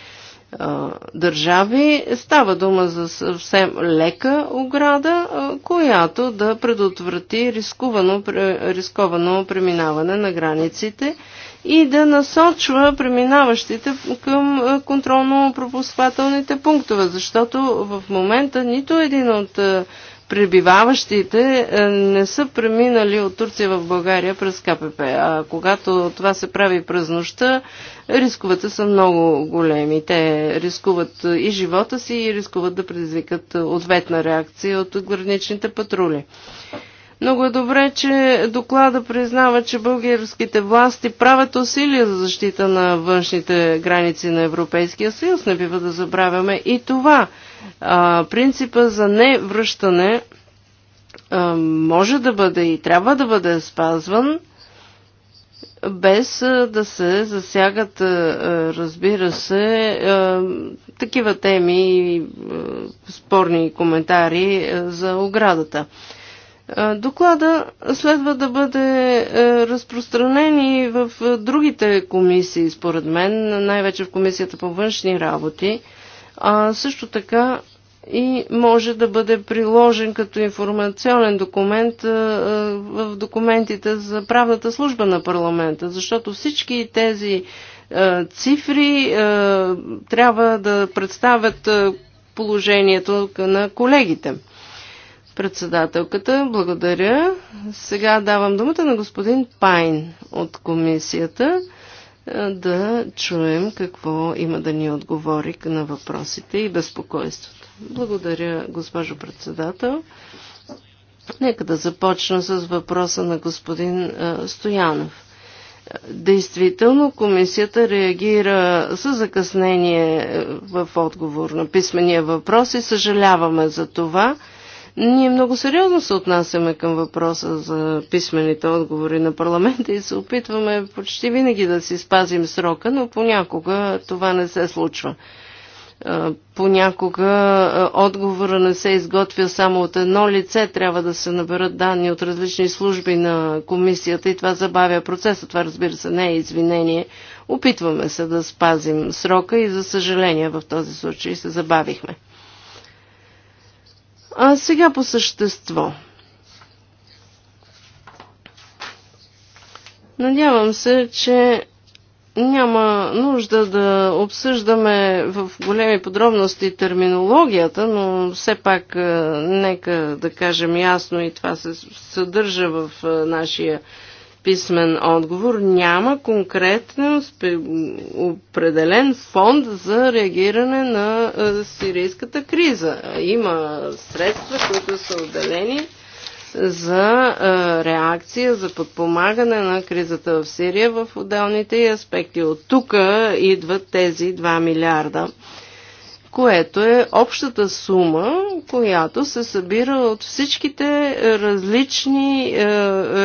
държави. Става дума за съвсем лека ограда, която да предотврати рисковано, рисковано преминаване на границите и да насочва преминаващите към е, контролно-пропускателните пунктове, защото в момента нито един от е, пребиваващите е, не са преминали от Турция в България през КПП. А когато това се прави през нощта, рисковете са много големи. Те рискуват и живота си, и рискуват да предизвикат ответна реакция от граничните патрули. Много е добре, че доклада признава, че българските власти правят усилия за защита на външните граници на Европейския съюз. Не бива да забравяме и това. А, принципа за невръщане а, може да бъде и трябва да бъде спазван без да се засягат, разбира се, такива теми и спорни коментари за оградата. Доклада следва да бъде е, разпространен и в е, другите комисии, според мен, най-вече в Комисията по външни работи, а също така и може да бъде приложен като информационен документ е, в документите за правната служба на парламента, защото всички тези цифри трябва да представят положението на колегите. Председателката, благодаря. Сега давам думата на господин Пайн от комисията е, да чуем какво има да ни отговори на въпросите и безпокойството. Благодаря, госпожо председател. Нека да започна с въпроса на господин е, Стоянов. Действително, комисията реагира с закъснение е, в отговор на писмения въпрос и съжаляваме за това. Ние много сериозно се отнасяме към въпроса за писмените отговори на парламента и се опитваме почти винаги да си спазим срока, но понякога това не се случва. Понякога отговора не се изготвя само от едно лице, трябва да се наберат данни от различни служби на комисията и това забавя процеса. Това разбира се не е извинение. Опитваме се да спазим срока и за съжаление в този случай се забавихме. А сега по същество. Надявам се, че няма нужда да обсъждаме в големи подробности терминологията, но все пак е, нека да кажем ясно и това се съдържа в е, нашия писмен отговор. Няма конкретно определен фонд за реагиране на е, сирийската криза. Има средства, които са отделени за е, реакция, за подпомагане на кризата в Сирия в отделните аспекти. От тук идват тези 2 милиарда което е общата сума, която се събира от всичките е, различни е,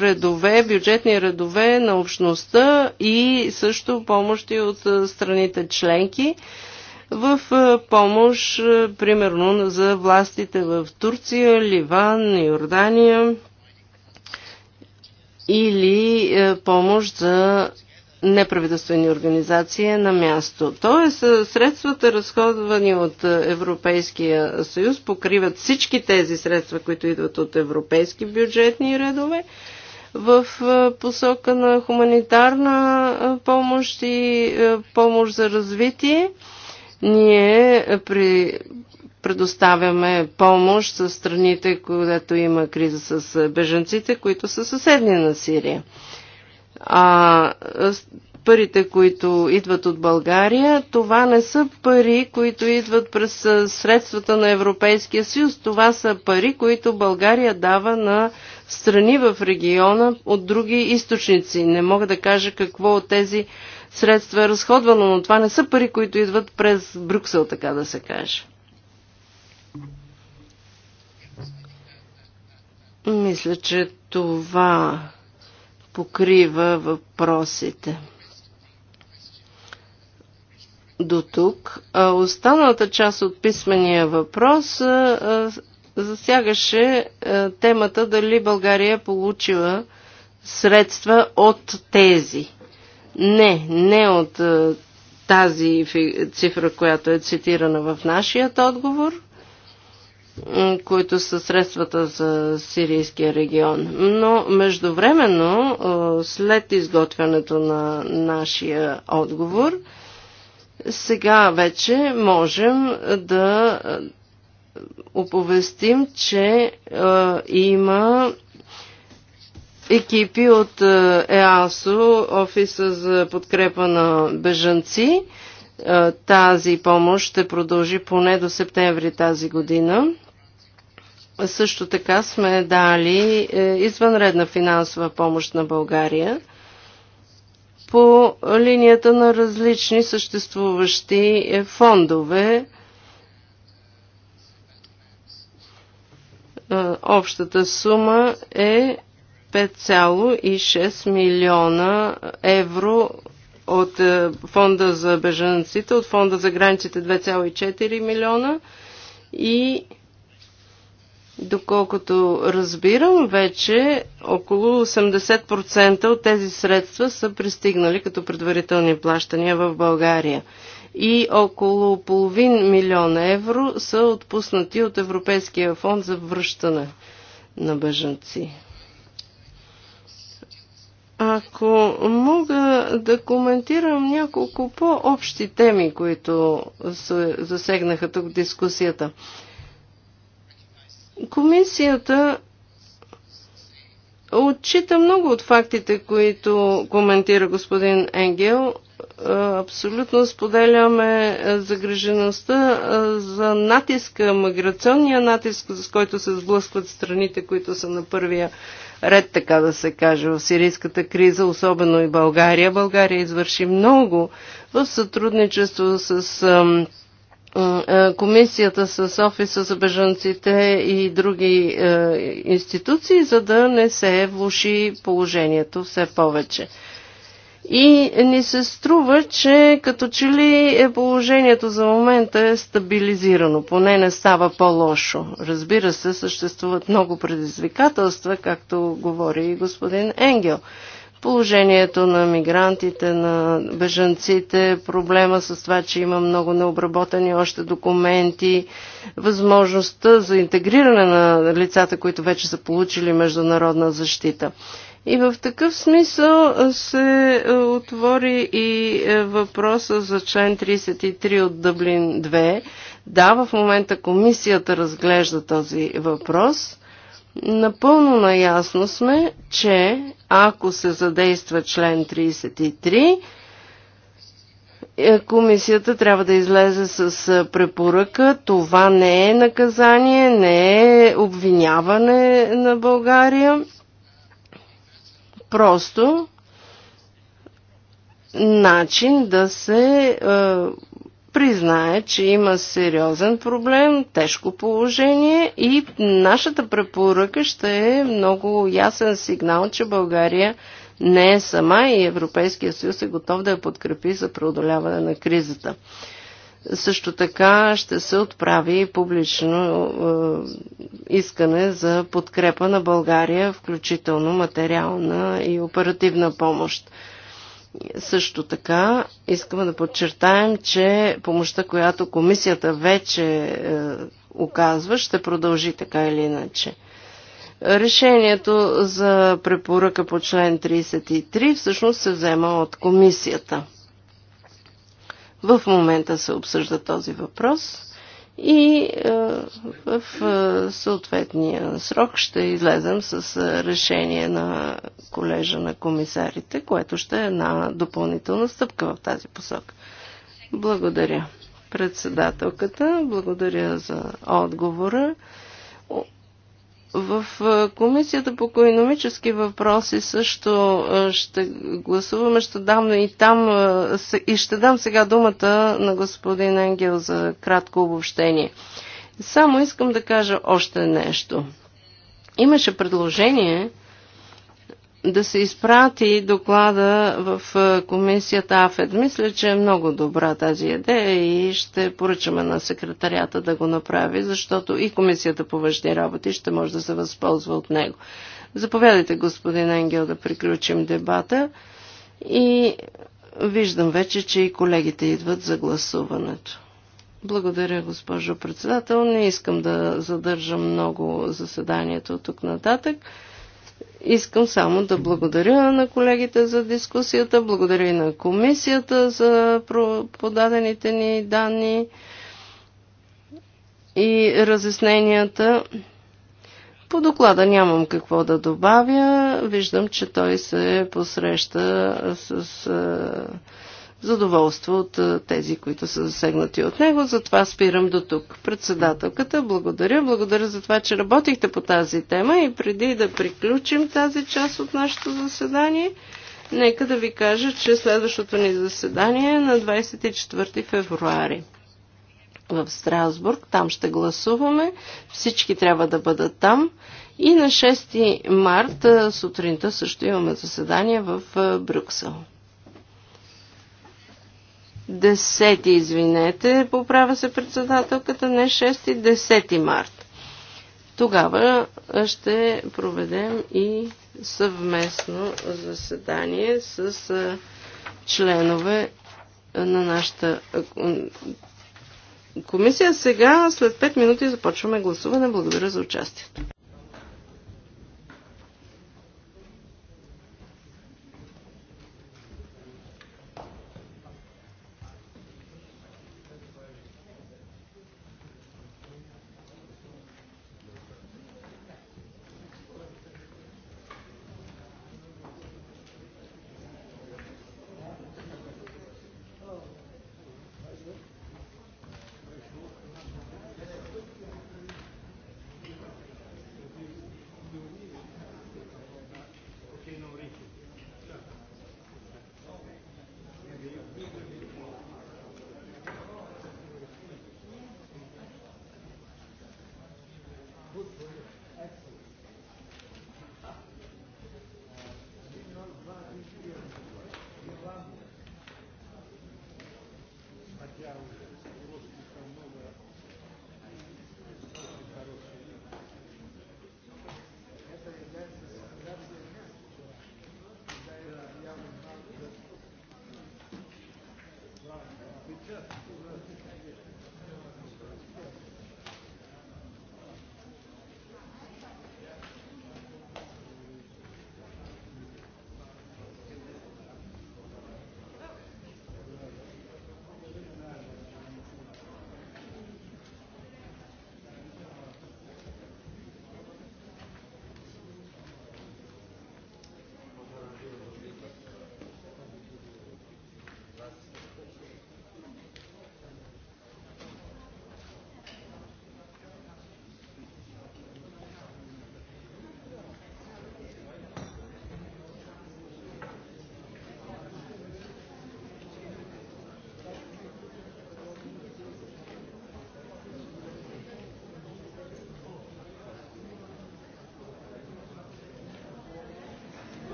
редове, бюджетни редове на общността и също помощи от е, страните членки в помощ, примерно, за властите в Турция, Ливан, Йордания или помощ за неправителствени организации е на място. Тоест, е, средствата, разходвани от е, Европейския съюз, покриват всички тези средства, които идват от европейски бюджетни редове в посока на хуманитарна помощ и помощ за развитие. Ние при предоставяме помощ с страните, където има криза с беженците, които са съседни на Сирия. А парите, които идват от България, това не са пари, които идват през средствата на Европейския съюз. Това са пари, които България дава на страни в региона от други източници. Не мога да кажа какво от тези средства е разходвано, но това не са пари, които идват през Брюксел, така да се каже. Мисля, че това покрива въпросите. До тук. А останалата част от писмения въпрос а, засягаше а, темата дали България получила средства от тези. Не, не от тази цифра, която е цитирана в нашият отговор – които са средствата за сирийския регион. Но междувременно, след изготвянето на нашия отговор, сега вече можем да оповестим, че има екипи от ЕАСО, офиса за подкрепа на бежанци. Тази помощ ще продължи поне до септември тази година. Също така сме дали е, извънредна финансова помощ на България по линията на различни съществуващи е, фондове. Е, общата сума е 5,6 милиона евро от фонда за бежанците, от фонда за границите 2,4 милиона и Доколкото разбирам, вече около 80% от тези средства са пристигнали като предварителни плащания в България и около половин милион евро са отпуснати от Европейския фонд за връщане на бежанци. Ако мога да коментирам няколко по-общи теми, които се засегнаха тук в дискусията. Комисията отчита много от фактите, които коментира господин Енгел. Абсолютно споделяме загрежеността за натиска, миграционния натиск, с който се сблъскват страните, които са на първия ред, така да се каже, в сирийската криза, особено и България. България извърши много в сътрудничество с е, комисията с офиса за бежанците и други е, институции, за да не се влуши положението все повече. И ни се струва, че като че ли е положението за момента е стабилизирано, поне не става по-лошо. Разбира се, съществуват много предизвикателства, както говори и господин Енгел положението на мигрантите, на бежанците, проблема с това, че има много необработени още документи, възможността за интегриране на лицата, които вече са получили международна защита. И в такъв смисъл се е, отвори и е, въпроса за член 33 от Дъблин 2. Да, в момента комисията разглежда този въпрос – Напълно наясно сме, че ако се задейства член 33, е, комисията трябва да излезе с е, препоръка. Това не е наказание, не е обвиняване на България. Просто начин да се е, признае, че има сериозен проблем, тежко положение и нашата препоръка ще е много ясен сигнал, че България не е сама и Европейския съюз е готов да я подкрепи за преодоляване на кризата. Също така ще се отправи публично е, искане за подкрепа на България, включително материална и оперативна помощ. Също така искаме да подчертаем, че помощта, която комисията вече е, оказва, ще продължи така или иначе. Решението за препоръка по член 33 всъщност се взема от комисията. В момента се обсъжда този въпрос и е, в е, съответния срок ще излезем с е, решение на колежа на комисарите, което ще е една допълнителна стъпка в тази посока. Благодаря председателката, благодаря за отговора. В Комисията по економически въпроси също ще гласуваме, ще дам и там и ще дам сега думата на господин Ангел за кратко обобщение. Само искам да кажа още нещо. Имаше предложение, да се изпрати доклада в е, комисията АФЕД. Мисля, че е много добра тази идея и ще поръчаме на секретарията да го направи, защото и комисията по външни работи ще може да се възползва от него. Заповядайте, господин Енгел, да приключим дебата и виждам вече, че и колегите идват за гласуването. Благодаря, госпожо председател. Не искам да задържам много заседанието тук нататък. Искам само да благодаря на колегите за дискусията, благодаря и на комисията за подадените ни данни и разясненията. По доклада нямам какво да добавя. Виждам, че той се посреща с задоволство от тези, които са засегнати от него. Затова спирам до тук. Председателката, благодаря. Благодаря за това, че работихте по тази тема и преди да приключим тази част от нашето заседание, нека да ви кажа, че следващото ни заседание е на 24 февруари в Страсбург. Там ще гласуваме. Всички трябва да бъдат там. И на 6 март сутринта също имаме заседание в Брюксел. 10, извинете, поправя се председателката, не 6, 10 март. Тогава ще проведем и съвместно заседание с членове на нашата комисия. Сега след 5 минути започваме гласуване. Благодаря за участието.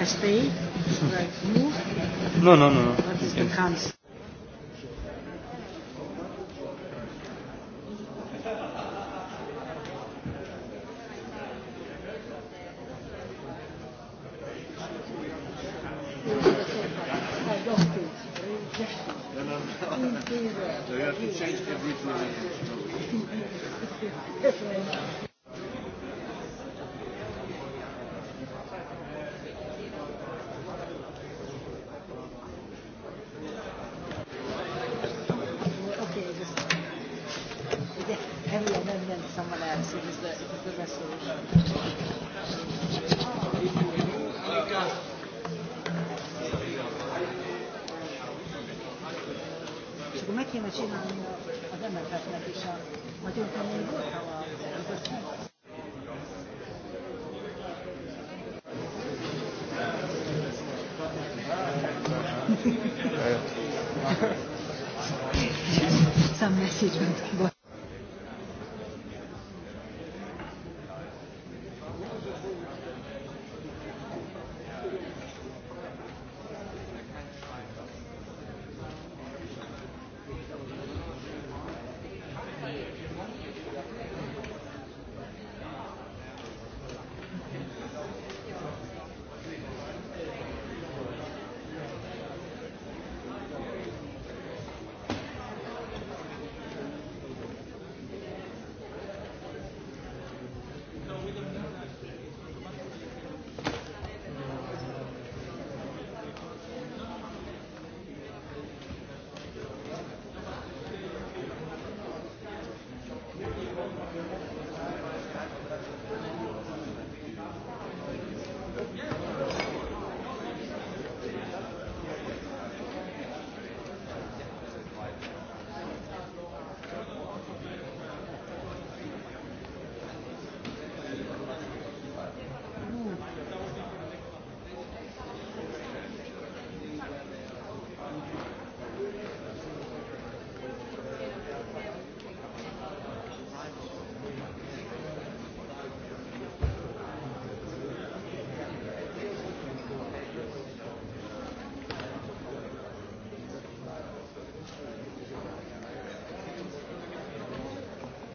I stay? Should I move? No, no, no. no.